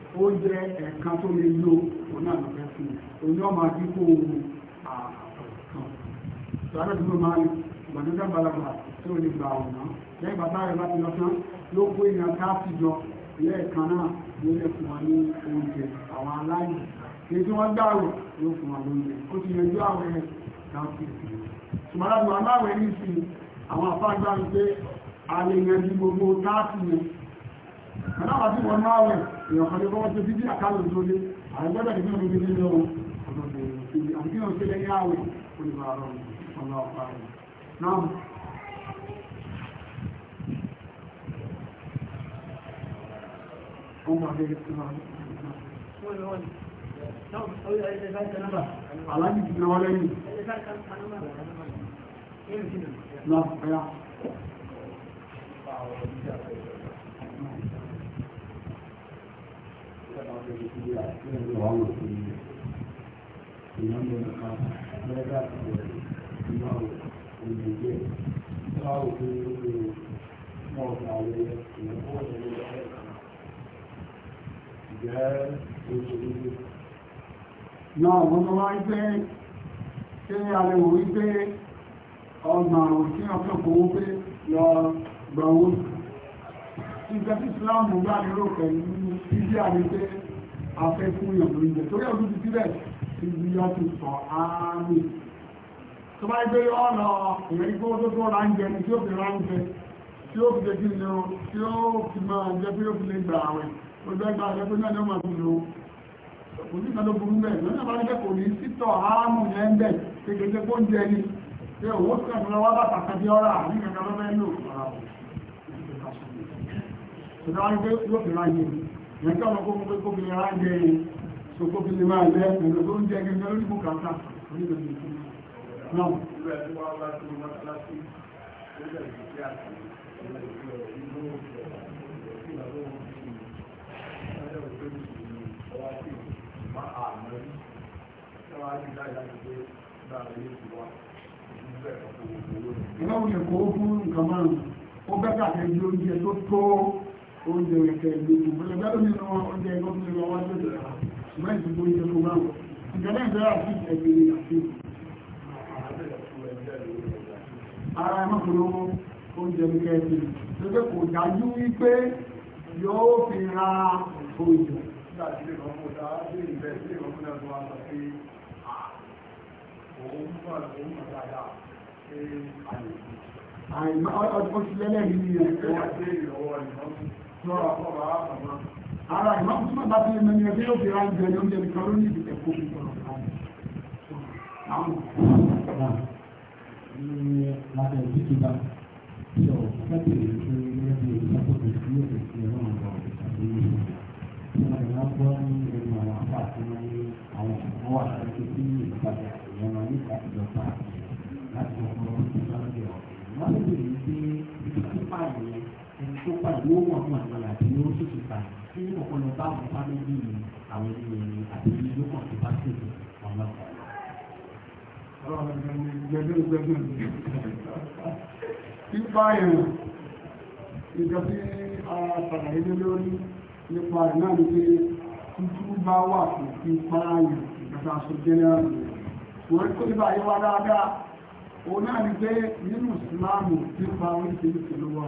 Speaker 2: ó jẹ́ ẹ̀ẹ̀kan tó lè lo òun náà lọ́fẹ́ fún un òun yóò máa dínkù ohun àkọ̀kan sọ́dọ̀ tó máa ń gbàdúgbà balaba tó lè gba ọ̀nà lẹ́yìn bàbá rẹ̀ bá ti lọ tán ló kó èèyàn káàpì jọ lẹ́ẹ̀kan náà ló lè fún wa ní oúnjẹ àwọn aláìní èyí tí kanáwà tí wọ́n máa wẹ̀ èèyàn kan lè tó bíbí àkálò tó lé àìgbẹ́bẹ̀ ní ọdún bíbí lé wọn
Speaker 4: Náà wọ́n
Speaker 2: tó wá ń pé ṣé àrẹwò wípé ọgbà òsí ọ̀pọ̀ owó pé lọ gbà owó sí nǹkan tí ìsìláàmù bá nílò pẹ̀lú títí àríkẹ́ afẹ́kún ìyàn lóúnjẹ torí ọdún ti sílẹ̀ ti di ọtún sọ ààmì tó bá gbé ọ̀nà ìrìn tó tó tó ránjẹ ni tí ó fi ránjẹ tí ó fi jẹ́kí lọ tí ó fi máa jẹ́ pé ó fi lè gbà àwẹ̀ ojú ẹgbà rẹ̀ pé náà ni ó máa fi lò kò sí ìkan tó burú bẹ́ẹ̀ lọ́nà bá jẹ́ kò ní sítọ̀ ààmù lẹ́ńdẹ̀ kékeré pé ó ń jẹ ni pé ṣùgbọ́n wọ́n gbé yóò fi ráyè nǹkan ọmọ kó fún kó fi ráyè so kó fi lè máa lẹ́ ẹ̀rọ tó ń jẹ́ gẹ́gẹ́ lórí mú kàkà oníbẹ̀rẹ̀ náà. Ìgbà wo ni kò ó fún nǹkan márùn-ún? Ó bẹ́ẹ̀ kàkẹ́ di oúnjẹ tó tó oúnjẹ ìfẹ́ ìgbèjì bọ́lẹ̀ bá lómi lọ oúnjẹ ìgbọ́nmi lọ wá tó dẹ̀ra ṣùgbọ́n ìdìbò oúnjẹ tó bá wọn ìgbẹ́lẹ̀ ìgbẹ́ àti ẹgbẹ̀rẹ̀ àti ara ẹmọ́kùnrin oúnjẹ ìfẹ́ ìfẹ́ lọ́jọ́ kò dájú wípé yóò fi ra oúnjẹ Àìmọ́ ọdún ó ti lẹ́lẹ́ yìí ni ara ìmáàmù tí wọ́n bá fi mẹ́ni ẹgbẹ́ yóò fi ra ń jẹ ní oúnjẹ nìkan ló ní ìdíje kó fi sọ̀rọ̀
Speaker 4: ní lábẹ́ ìdíje bá tí ọ̀ fẹ́ẹ̀tì rẹ̀ tó ní ẹgbẹ́ ìsàkóso tí yóò fi fi ẹ̀rọ ọ̀rọ̀ ìsàkóso ní ìlú tí wọ́n lè gbọ́ ẹni tó pàdé ó mọ̀ mọ̀ ìmọ̀lẹ̀ àti ní oṣù tó ta tí ní kọ̀kọ́ lọ bá àwọn fámìlì àwọn ẹni ẹni àti ní ló kàn tó bá tètè ọ̀nà.
Speaker 2: Ipa ẹ̀rọ ìjọ tí a ṣàlàyé lé lórí nípa rẹ̀ náà ni pé tuntun bá wà fún ipa ayò ìgbàta aṣọ jẹ́nẹ́rà. Wọ́n kó ibà yẹ wá dáadáa. Òun náà ni pé nínú ìsìláàmù nípa oríṣiríṣi ló wà.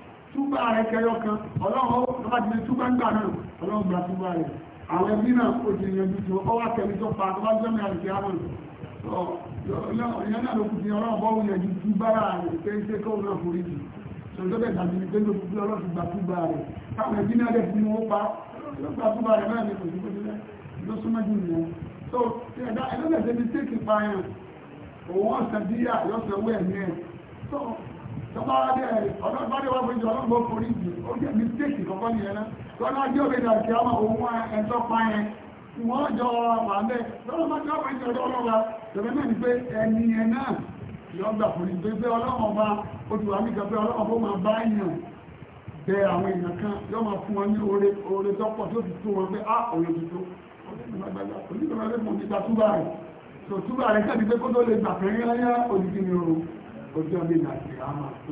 Speaker 2: túbà rẹ̀ kẹyọ kan ọlọ́run ó bá ti túbà ń gbà náà ọlọ́run gbà túbà rẹ̀ àwọn ẹbí náà ó ti yanjú tí ó wá kẹrin tó pa tó bá jẹ́ mi àlùkí àwọn ìyẹn náà ló kù sí ọlọ́run bọ́ òun yanjú túbà rẹ̀ pé ṣé kó náà forí jù sọjọ́ bẹ̀ tàbí ní pé ló fi ọlọ́run gbà túbà rẹ̀ káwọn ẹbí náà lè fi mú ó pa ló gbà túbà rẹ̀ náà ní kò sí kó ṣe mi tọ́pá adé ọ̀dọ́ bá dé wá fún ìjọ ọlọ́gbọ́ forí ìjì ó jẹ́ mistake kọ́kọ́ ní ẹ̀nà tọ́lá ajé òbèdè àti àmà òun ẹ̀tọ́ pa yẹn wọ́n jọ wà ń bẹ́ lọ́wọ́ bá jọ fún ìjọ ọlọ́gbà tẹ̀lé náà ni pé ẹni ẹ̀ náà lọ́gbà forí ìjì pé ọlọ́wọ́n bá ó ti wà ní ìjọ pé ọlọ́wọ́n bó máa bá yàn bẹ àwọn èèyàn kan yóò máa fún wọn ní oore oore tọ́pọ̀ tó fi tó wọn pé á òye ti tó onígbàgbà lè mọ̀ nípa túbà rẹ̀ tó túbà rẹ̀ kẹ́ ojú ọdún ìgbà sí àmà tó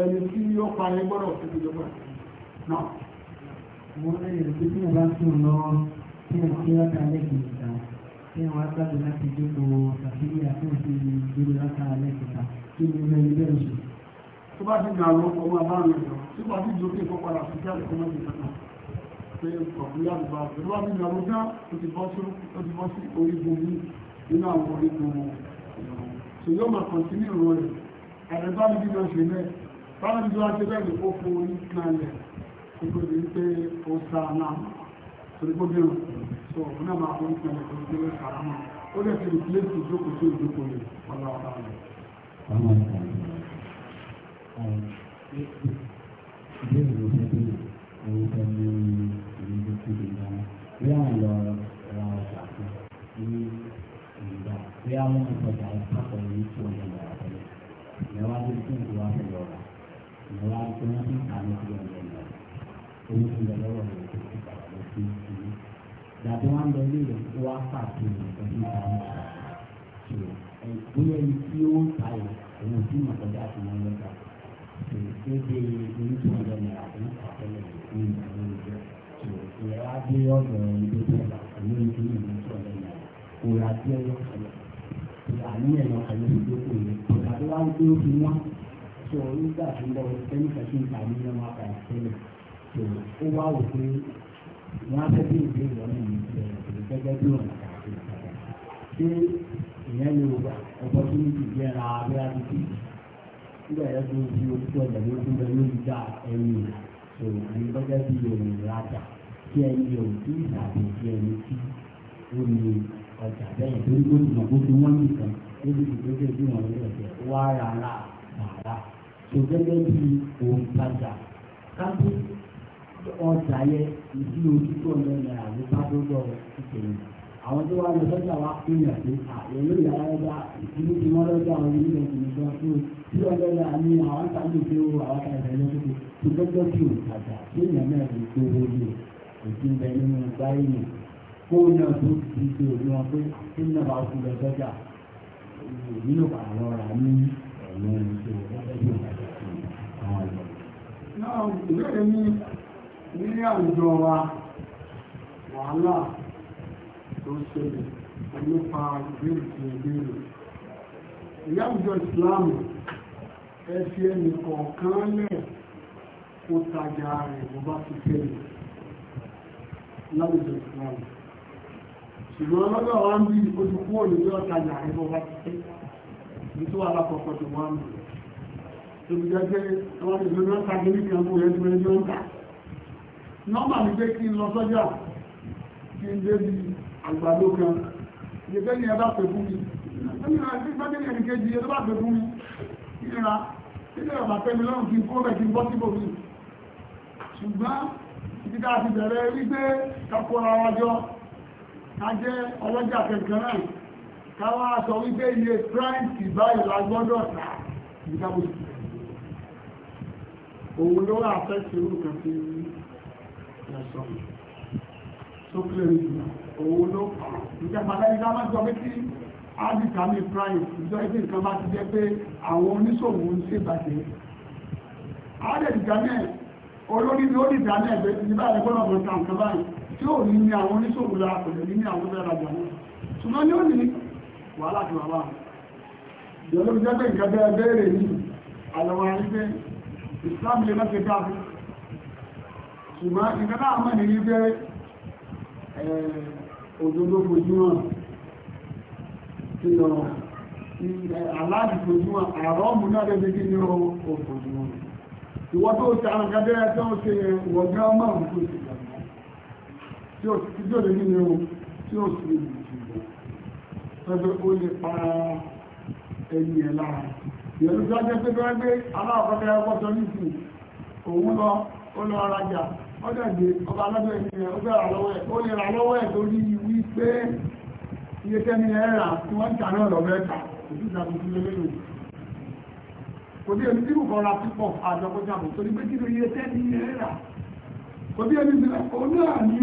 Speaker 2: ẹni tí yóò pa ẹ gbọ́dọ̀ tó tó jọba náà.
Speaker 1: mo ń rẹ̀ rẹ̀ pé tí wọ́n bá sùn lọ tí wọ́n ti rákà lẹ́gbẹ̀ẹ́ ìta tí wọ́n á gbàgbé láti jókòó tàbí àti òfin ìdúró rákà lẹ́gbẹ̀ẹ́ta kí ni mo rẹ̀ bẹ́ẹ̀ ṣe.
Speaker 2: tó bá ti gbà lọ ọmọ abáàmì lọ tí wọ́n ti jókè fọ́ padà sí jáde kọ́mọ́ ìgbà pé ọ̀gbìyà àgbà tó bá ti gbà lọ se yóò máa kọ̀tí ní ìrọ̀ rẹ̀ àrẹ̀bá ní bíbọn ṣe mẹ́ bára ní wá ṣe bẹ́ẹ̀ ó fún orí kalẹ̀ kókò lè ń pé ó sa náà torí kó bẹ̀rù tó òun náà máa fún kalẹ̀ tó gbé sàrámà ó lè fi ìpìlẹ̀sì tó ìjókòó tó kéde náà
Speaker 4: bí àwọn lọ ra bí a mọ̀ nípa ìgbà àpapọ̀ yìí tó ń lọ àtẹ̀lẹ̀ ìyẹ̀wá tó tún ìlú wa fẹ́ lọ́ra ìyẹ̀wá tó ń tún àmì tó ń lọ oyún tó lọ lọ́wọ́ rẹ̀ tó ti padà lọ sí ìlú. Dàbí wọn lọ ilé rẹ̀ tó wá pàṣẹ ìrìnkọ́ ní ìlú ṣe bóyá ẹni tí ó ń ta ẹ̀ òun tí mọ̀ kọjá ti wọn lọ́ta ṣe kéde oyún tó lọ ní àtẹ̀lẹ̀ ní ìlú rẹ̀ ṣe ìyẹ̀wá dé ọ̀dọ̀ ìdókòwò àti oyún tó lọ ní àtẹ̀lẹ̀ àníyàn lọ pẹ̀lú ìdókòwò yẹn ìgbà wá ń pé ó fi wọ́n tó tó ń bọ̀ ẹnìkan tí ń ta ní ọmọ àgbà ìṣẹ̀lẹ̀ tó ó wá wò pé wọ́n á fẹ́ bí ìgbé ìwọ́nà mi ṣẹlẹ̀ gẹ́gẹ́ bí ọ̀nà àti ìpàdé ṣé ìyẹn lè wà ọgbọ́ tó ní ti jẹ́ ra abẹ́rẹ́ àdúgbò nígbà yẹn tó fi ojú ọ̀dà ló tún bẹ lórí dá ẹ̀yìn tó ní gẹ́gẹ́ bí òmìnira dà kí ẹni kí ẹni tí ó ọjà bẹ́ẹ̀ tó ń gbódì mọ̀ gbódì wọ́n nìkan lórí ìgbésẹ̀ tí wọ́n lè ọ̀jẹ̀ wá rárá rárá tó gẹ́gẹ́ bí òun tajà kápẹ́ ọjà yẹ ìdí ojú tó lọ ní àwọn pàdódọ̀ ìkẹyìn àwọn tó wá lọ sọ́jà wá pé yàn pé àyẹ̀wò ìyára ẹja ìdílé tí wọ́n lọ́jà àwọn ilé ẹ̀sìn ìjọ tó tí ọlọ́jà ní àwọn tàbí pé ó àwọn tàbí ẹ̀jẹ̀ lọ́sọ̀tò kó tó ti ṣe òbí pé kí náà bá kú lọ sọ́jà nínú àwọn ọ̀rà ní ẹ̀rọ ìṣe ọ̀gbẹ́jọ́ àwọn àjọ.
Speaker 2: náà ìbéèrè mi ní àwùjọ wa wàhálà tó ṣẹlẹ̀ nípa ìbéèrè tí ó ìyá àwùjọ ìsìláàmù ẹ fi ẹnì kọ̀ọ̀kan lẹ̀ kó tajà rẹ̀ bó bá ti fẹ́ láwùjọ ìsìláàmù ṣùgbọ́n lọ́dọ̀ wá ń bí ojú kú òní ní ọ̀tajà ẹ̀fọ́ bá ti pé ní tó wà lápapọ̀ tó wá ń bọ̀ tó bí jẹ́ pé wọ́n ti lórí ọ̀tà gẹ́gẹ́ bí ọmọ rẹ̀ tó ẹni ọ̀tà nọ́mbà ní pé kí n lọ sọ́jà kí n dé bí àgbàdo kan ìgbẹ́ ni ẹ bá pè fún mi ẹni ra sí sọ́jẹ́ ẹni kejì ẹ bá pè fún mi ìra ilé ọ̀bà tẹ́mi lọ́rùn kí n kó bẹ̀ ṣùgbọ́n ibi tá a ti bẹ̀rẹ̀ wípé kakọ́ra wájọ́ kájẹ́ ọlọ́jà kẹ̀kẹ́rẹ́ káwá sọ wípé iye price báyìí la gbọ́dọ̀ tà ìdábòsí òun ló wà fẹ́ sí orúkọ tí ẹ̀sọ́ tó kílẹ̀ ìgbà òun ló pa ìjọba lẹ́yìn lámá jọ pé kí ábìkà mi price ìjọ ìgbé nǹkan bá ti jẹ́ pé àwọn oníṣòwò ń ṣèbàjẹ́ àádẹ́ ìdáná olórí ni ó dìdáná ẹ̀gbẹ́ ìgbà ìgbọ́nà kan tà nǹkan báyìí tí ó ní ní àwọn oníṣòwò lára kò lè ní ní àwọn ọ̀dọ́ ìrajà náà ṣùgbọ́n ní ó ní wàhálà ti wà báwọn ìjọba jẹ́ pé nǹkan bẹ́ẹ̀ bẹ́ẹ̀rẹ̀ Islam lè má ṣe káàkiri ṣùgbọ́n nǹkan náà mọ̀ ní wípé òdodo fojú hàn ti lọ aláàbì fojú hàn àrọ́ mú náà lè dégbé ní ọ̀rọ̀ fojú hàn ìwọ́n tó ṣe àwọn nǹkan bẹ́ẹ̀ tó ṣe wọ̀gán márùn-ún tó tí ó ti jọ́ lè nínú ewu tí ó sì lè jùlọ pẹ̀lú ó lè pa ẹni ẹ̀ lára ìyẹ̀lú tó jẹ́ pé tó rẹ́ pé aláàkọ́kẹ́ ọgbọ́tọ̀ nìsìn òun lọ ó lọ rajà ọdẹ̀gbẹ̀ ọba alábẹ̀ ẹni ẹ̀ ó bẹ̀rẹ̀ lọ́wọ́ ẹ̀ ó lè ra lọ́wọ́ ẹ̀ torí wí pé iye tẹ́ni ẹ̀ rà tí wọ́n ń tà náà lọ́bẹ̀ẹ́ ta òtún ìjàkùn sí lélẹ́yìn kò bí ẹni tí kò kọ́ra púpọ̀ àjọkọjàbọ̀ torí pé kí ló iye tẹ́ni ẹ̀ kò bí ẹni tí kò náà ní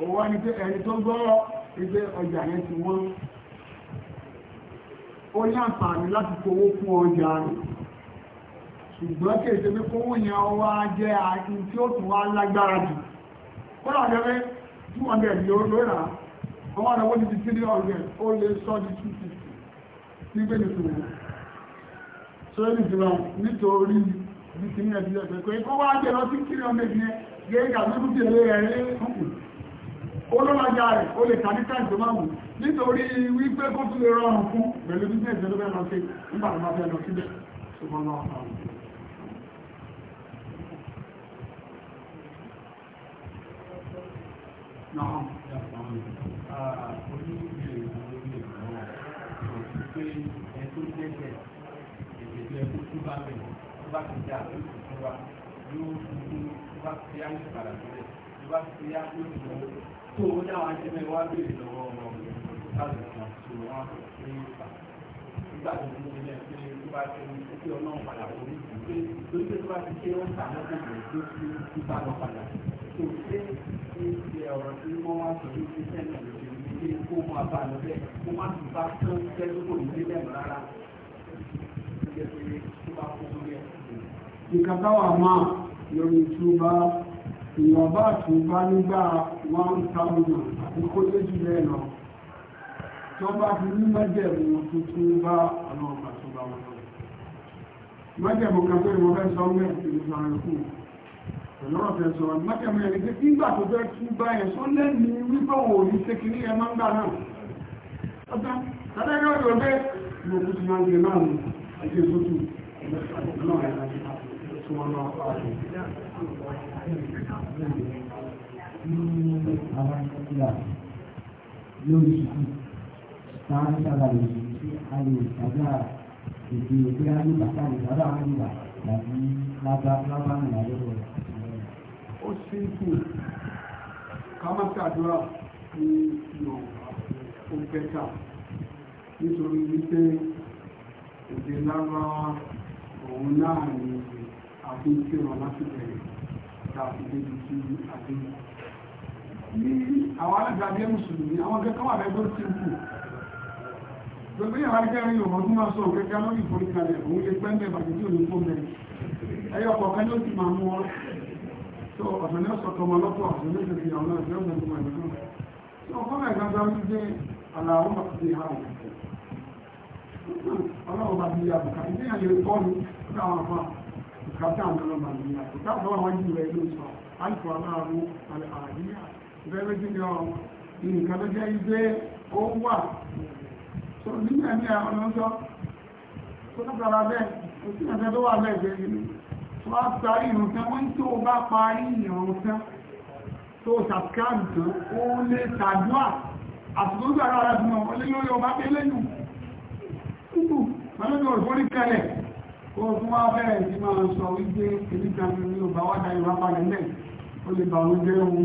Speaker 2: òwò ni pé ẹni tó gbọ́ ìgbé ọjà yẹn ti wọ́n ó ní àǹfààní láti fowó fún ọjà rẹ̀ ṣùgbọ́n kí èsè pípọ́ owó yẹn wá jẹ́ àti tí ó tún wá lágbára jù ó rà gẹ́gẹ́ tí wọ́n bẹ̀ ní orí rà wọ́n wọ́n lọ́wọ́ níbi tí ní ọ̀rẹ́ ó lè sọ ní two fifty nígbè ní tòun so ní ìtura nítorí ní ti ní ẹ̀dí ẹ̀fẹ́ pé kó wá jẹ́ lọ sí kí ní ọmọ ìgbìyànjú gẹ́gẹ́ àti ó tún ẹ̀rẹ́ ẹ̀rẹ́ olórajà rẹ̀ ó lè tàbí káì tó máa wù nítorí wípé kó tún lè rọrùn fún pẹ̀lú bí ẹ̀sẹ̀ ló bẹ́ẹ̀ lọ sí nígbà tó bá fẹ́ lọ síbẹ̀ ṣùgbọ́n lọ àwọn Yóò
Speaker 4: fún un wá sí àyípadà sílẹ̀ ìbá ti yá tó ti lọ tó ó dáwọn ajẹ́mẹ́ wá béèrè lọ́wọ́ ọmọ ìgbàlẹ̀ kan tó wá pé ìgbà nígbà tó ti ní ilẹ̀ pé ó bá ti ní pé ọlọ́run padà wọ ní ìlú pé lórí pé tó bá ti ṣe ó ń tà lọ́kàn rẹ̀ tó ti ti bá lọ padà tó ṣe ní ti ọ̀rọ̀ tí wọ́n wá sọ ní ti sẹ́yìn lòdì ní kó máa bá lọ bẹ́ẹ̀ kó má ti bá tó jẹ́ tó kò ní dé bẹ́ẹ̀ rárá
Speaker 2: ìkàtàwà máa lórí túbá ìwọ̀nba àtúnbá nígbà 1000 àti kó lé jù lọ bá fi ní mẹ́jẹ̀mú tuntun bá ọ̀nà tó bá wọn lọ mẹ́jẹ̀mú kan pé wọ́n fẹ́ sọ mẹ́rin ìṣòro ẹ̀kú pẹ̀lú sọ mẹ́jẹ̀mú yẹn pé nígbà tó fẹ́ bá yẹn sọ lẹ́nu wípé wò ní máa ń gbà náà tàbí ọ̀dọ̀ kú máa
Speaker 4: ń ní àwọn ìlà lórí ìsìnkú máa ń ṣàlàyé sí ayò ìtajà èdè ìgbé ayé bàtà ìtajà àwọn ìlà tàbí lábàá ìlà lọ́wọ́.
Speaker 3: ó ṣe é kù
Speaker 2: ká má ṣàdúrà ní yorùbá ó bẹ́tà nítorí wípé èdè lárúbáwá òun náà ni àbí kírun láti bẹ̀rẹ̀ tá débi sí àdéhùn. ní àwọn alágbàgbé mùsùlùmí àwọn ọjọ́ gbogbo ìyàwó agbẹ́rin yóò mọ́tún máa sọ òkèkè lórí ìforíkalẹ̀ òun lè pẹ́ mẹ́bà tí ò ní kó mẹ́ ẹyọ kọ̀ọ̀kan ló ti máa mú ọ tó ọ̀sán ní ọ̀sán tọmọ lọ́pọ̀ ọ̀sán ní ìṣẹ̀lẹ̀ ìyàwó náà ìfẹ́fẹ́ sí ọ nǹkan tó jẹ́ ibé ó wà tó nígbà ní àwọn ọlọ́jọ́ tó látara bẹ́ẹ̀ kò sí ẹ̀fẹ́ tó wà bẹ́ẹ̀ jẹ́ inú tó bá parí ìrùn tán wọ́n tó bá parí ìrùn tán tó sàkáàdì tán ó lè tàdúà àtúntò gbàrà ara dùn ọ lé lórí ọba pé lẹ́nu kúkú mọ́lẹ́dọ̀ òfórí kalẹ̀ kó fún wa bẹ̀rẹ̀ sí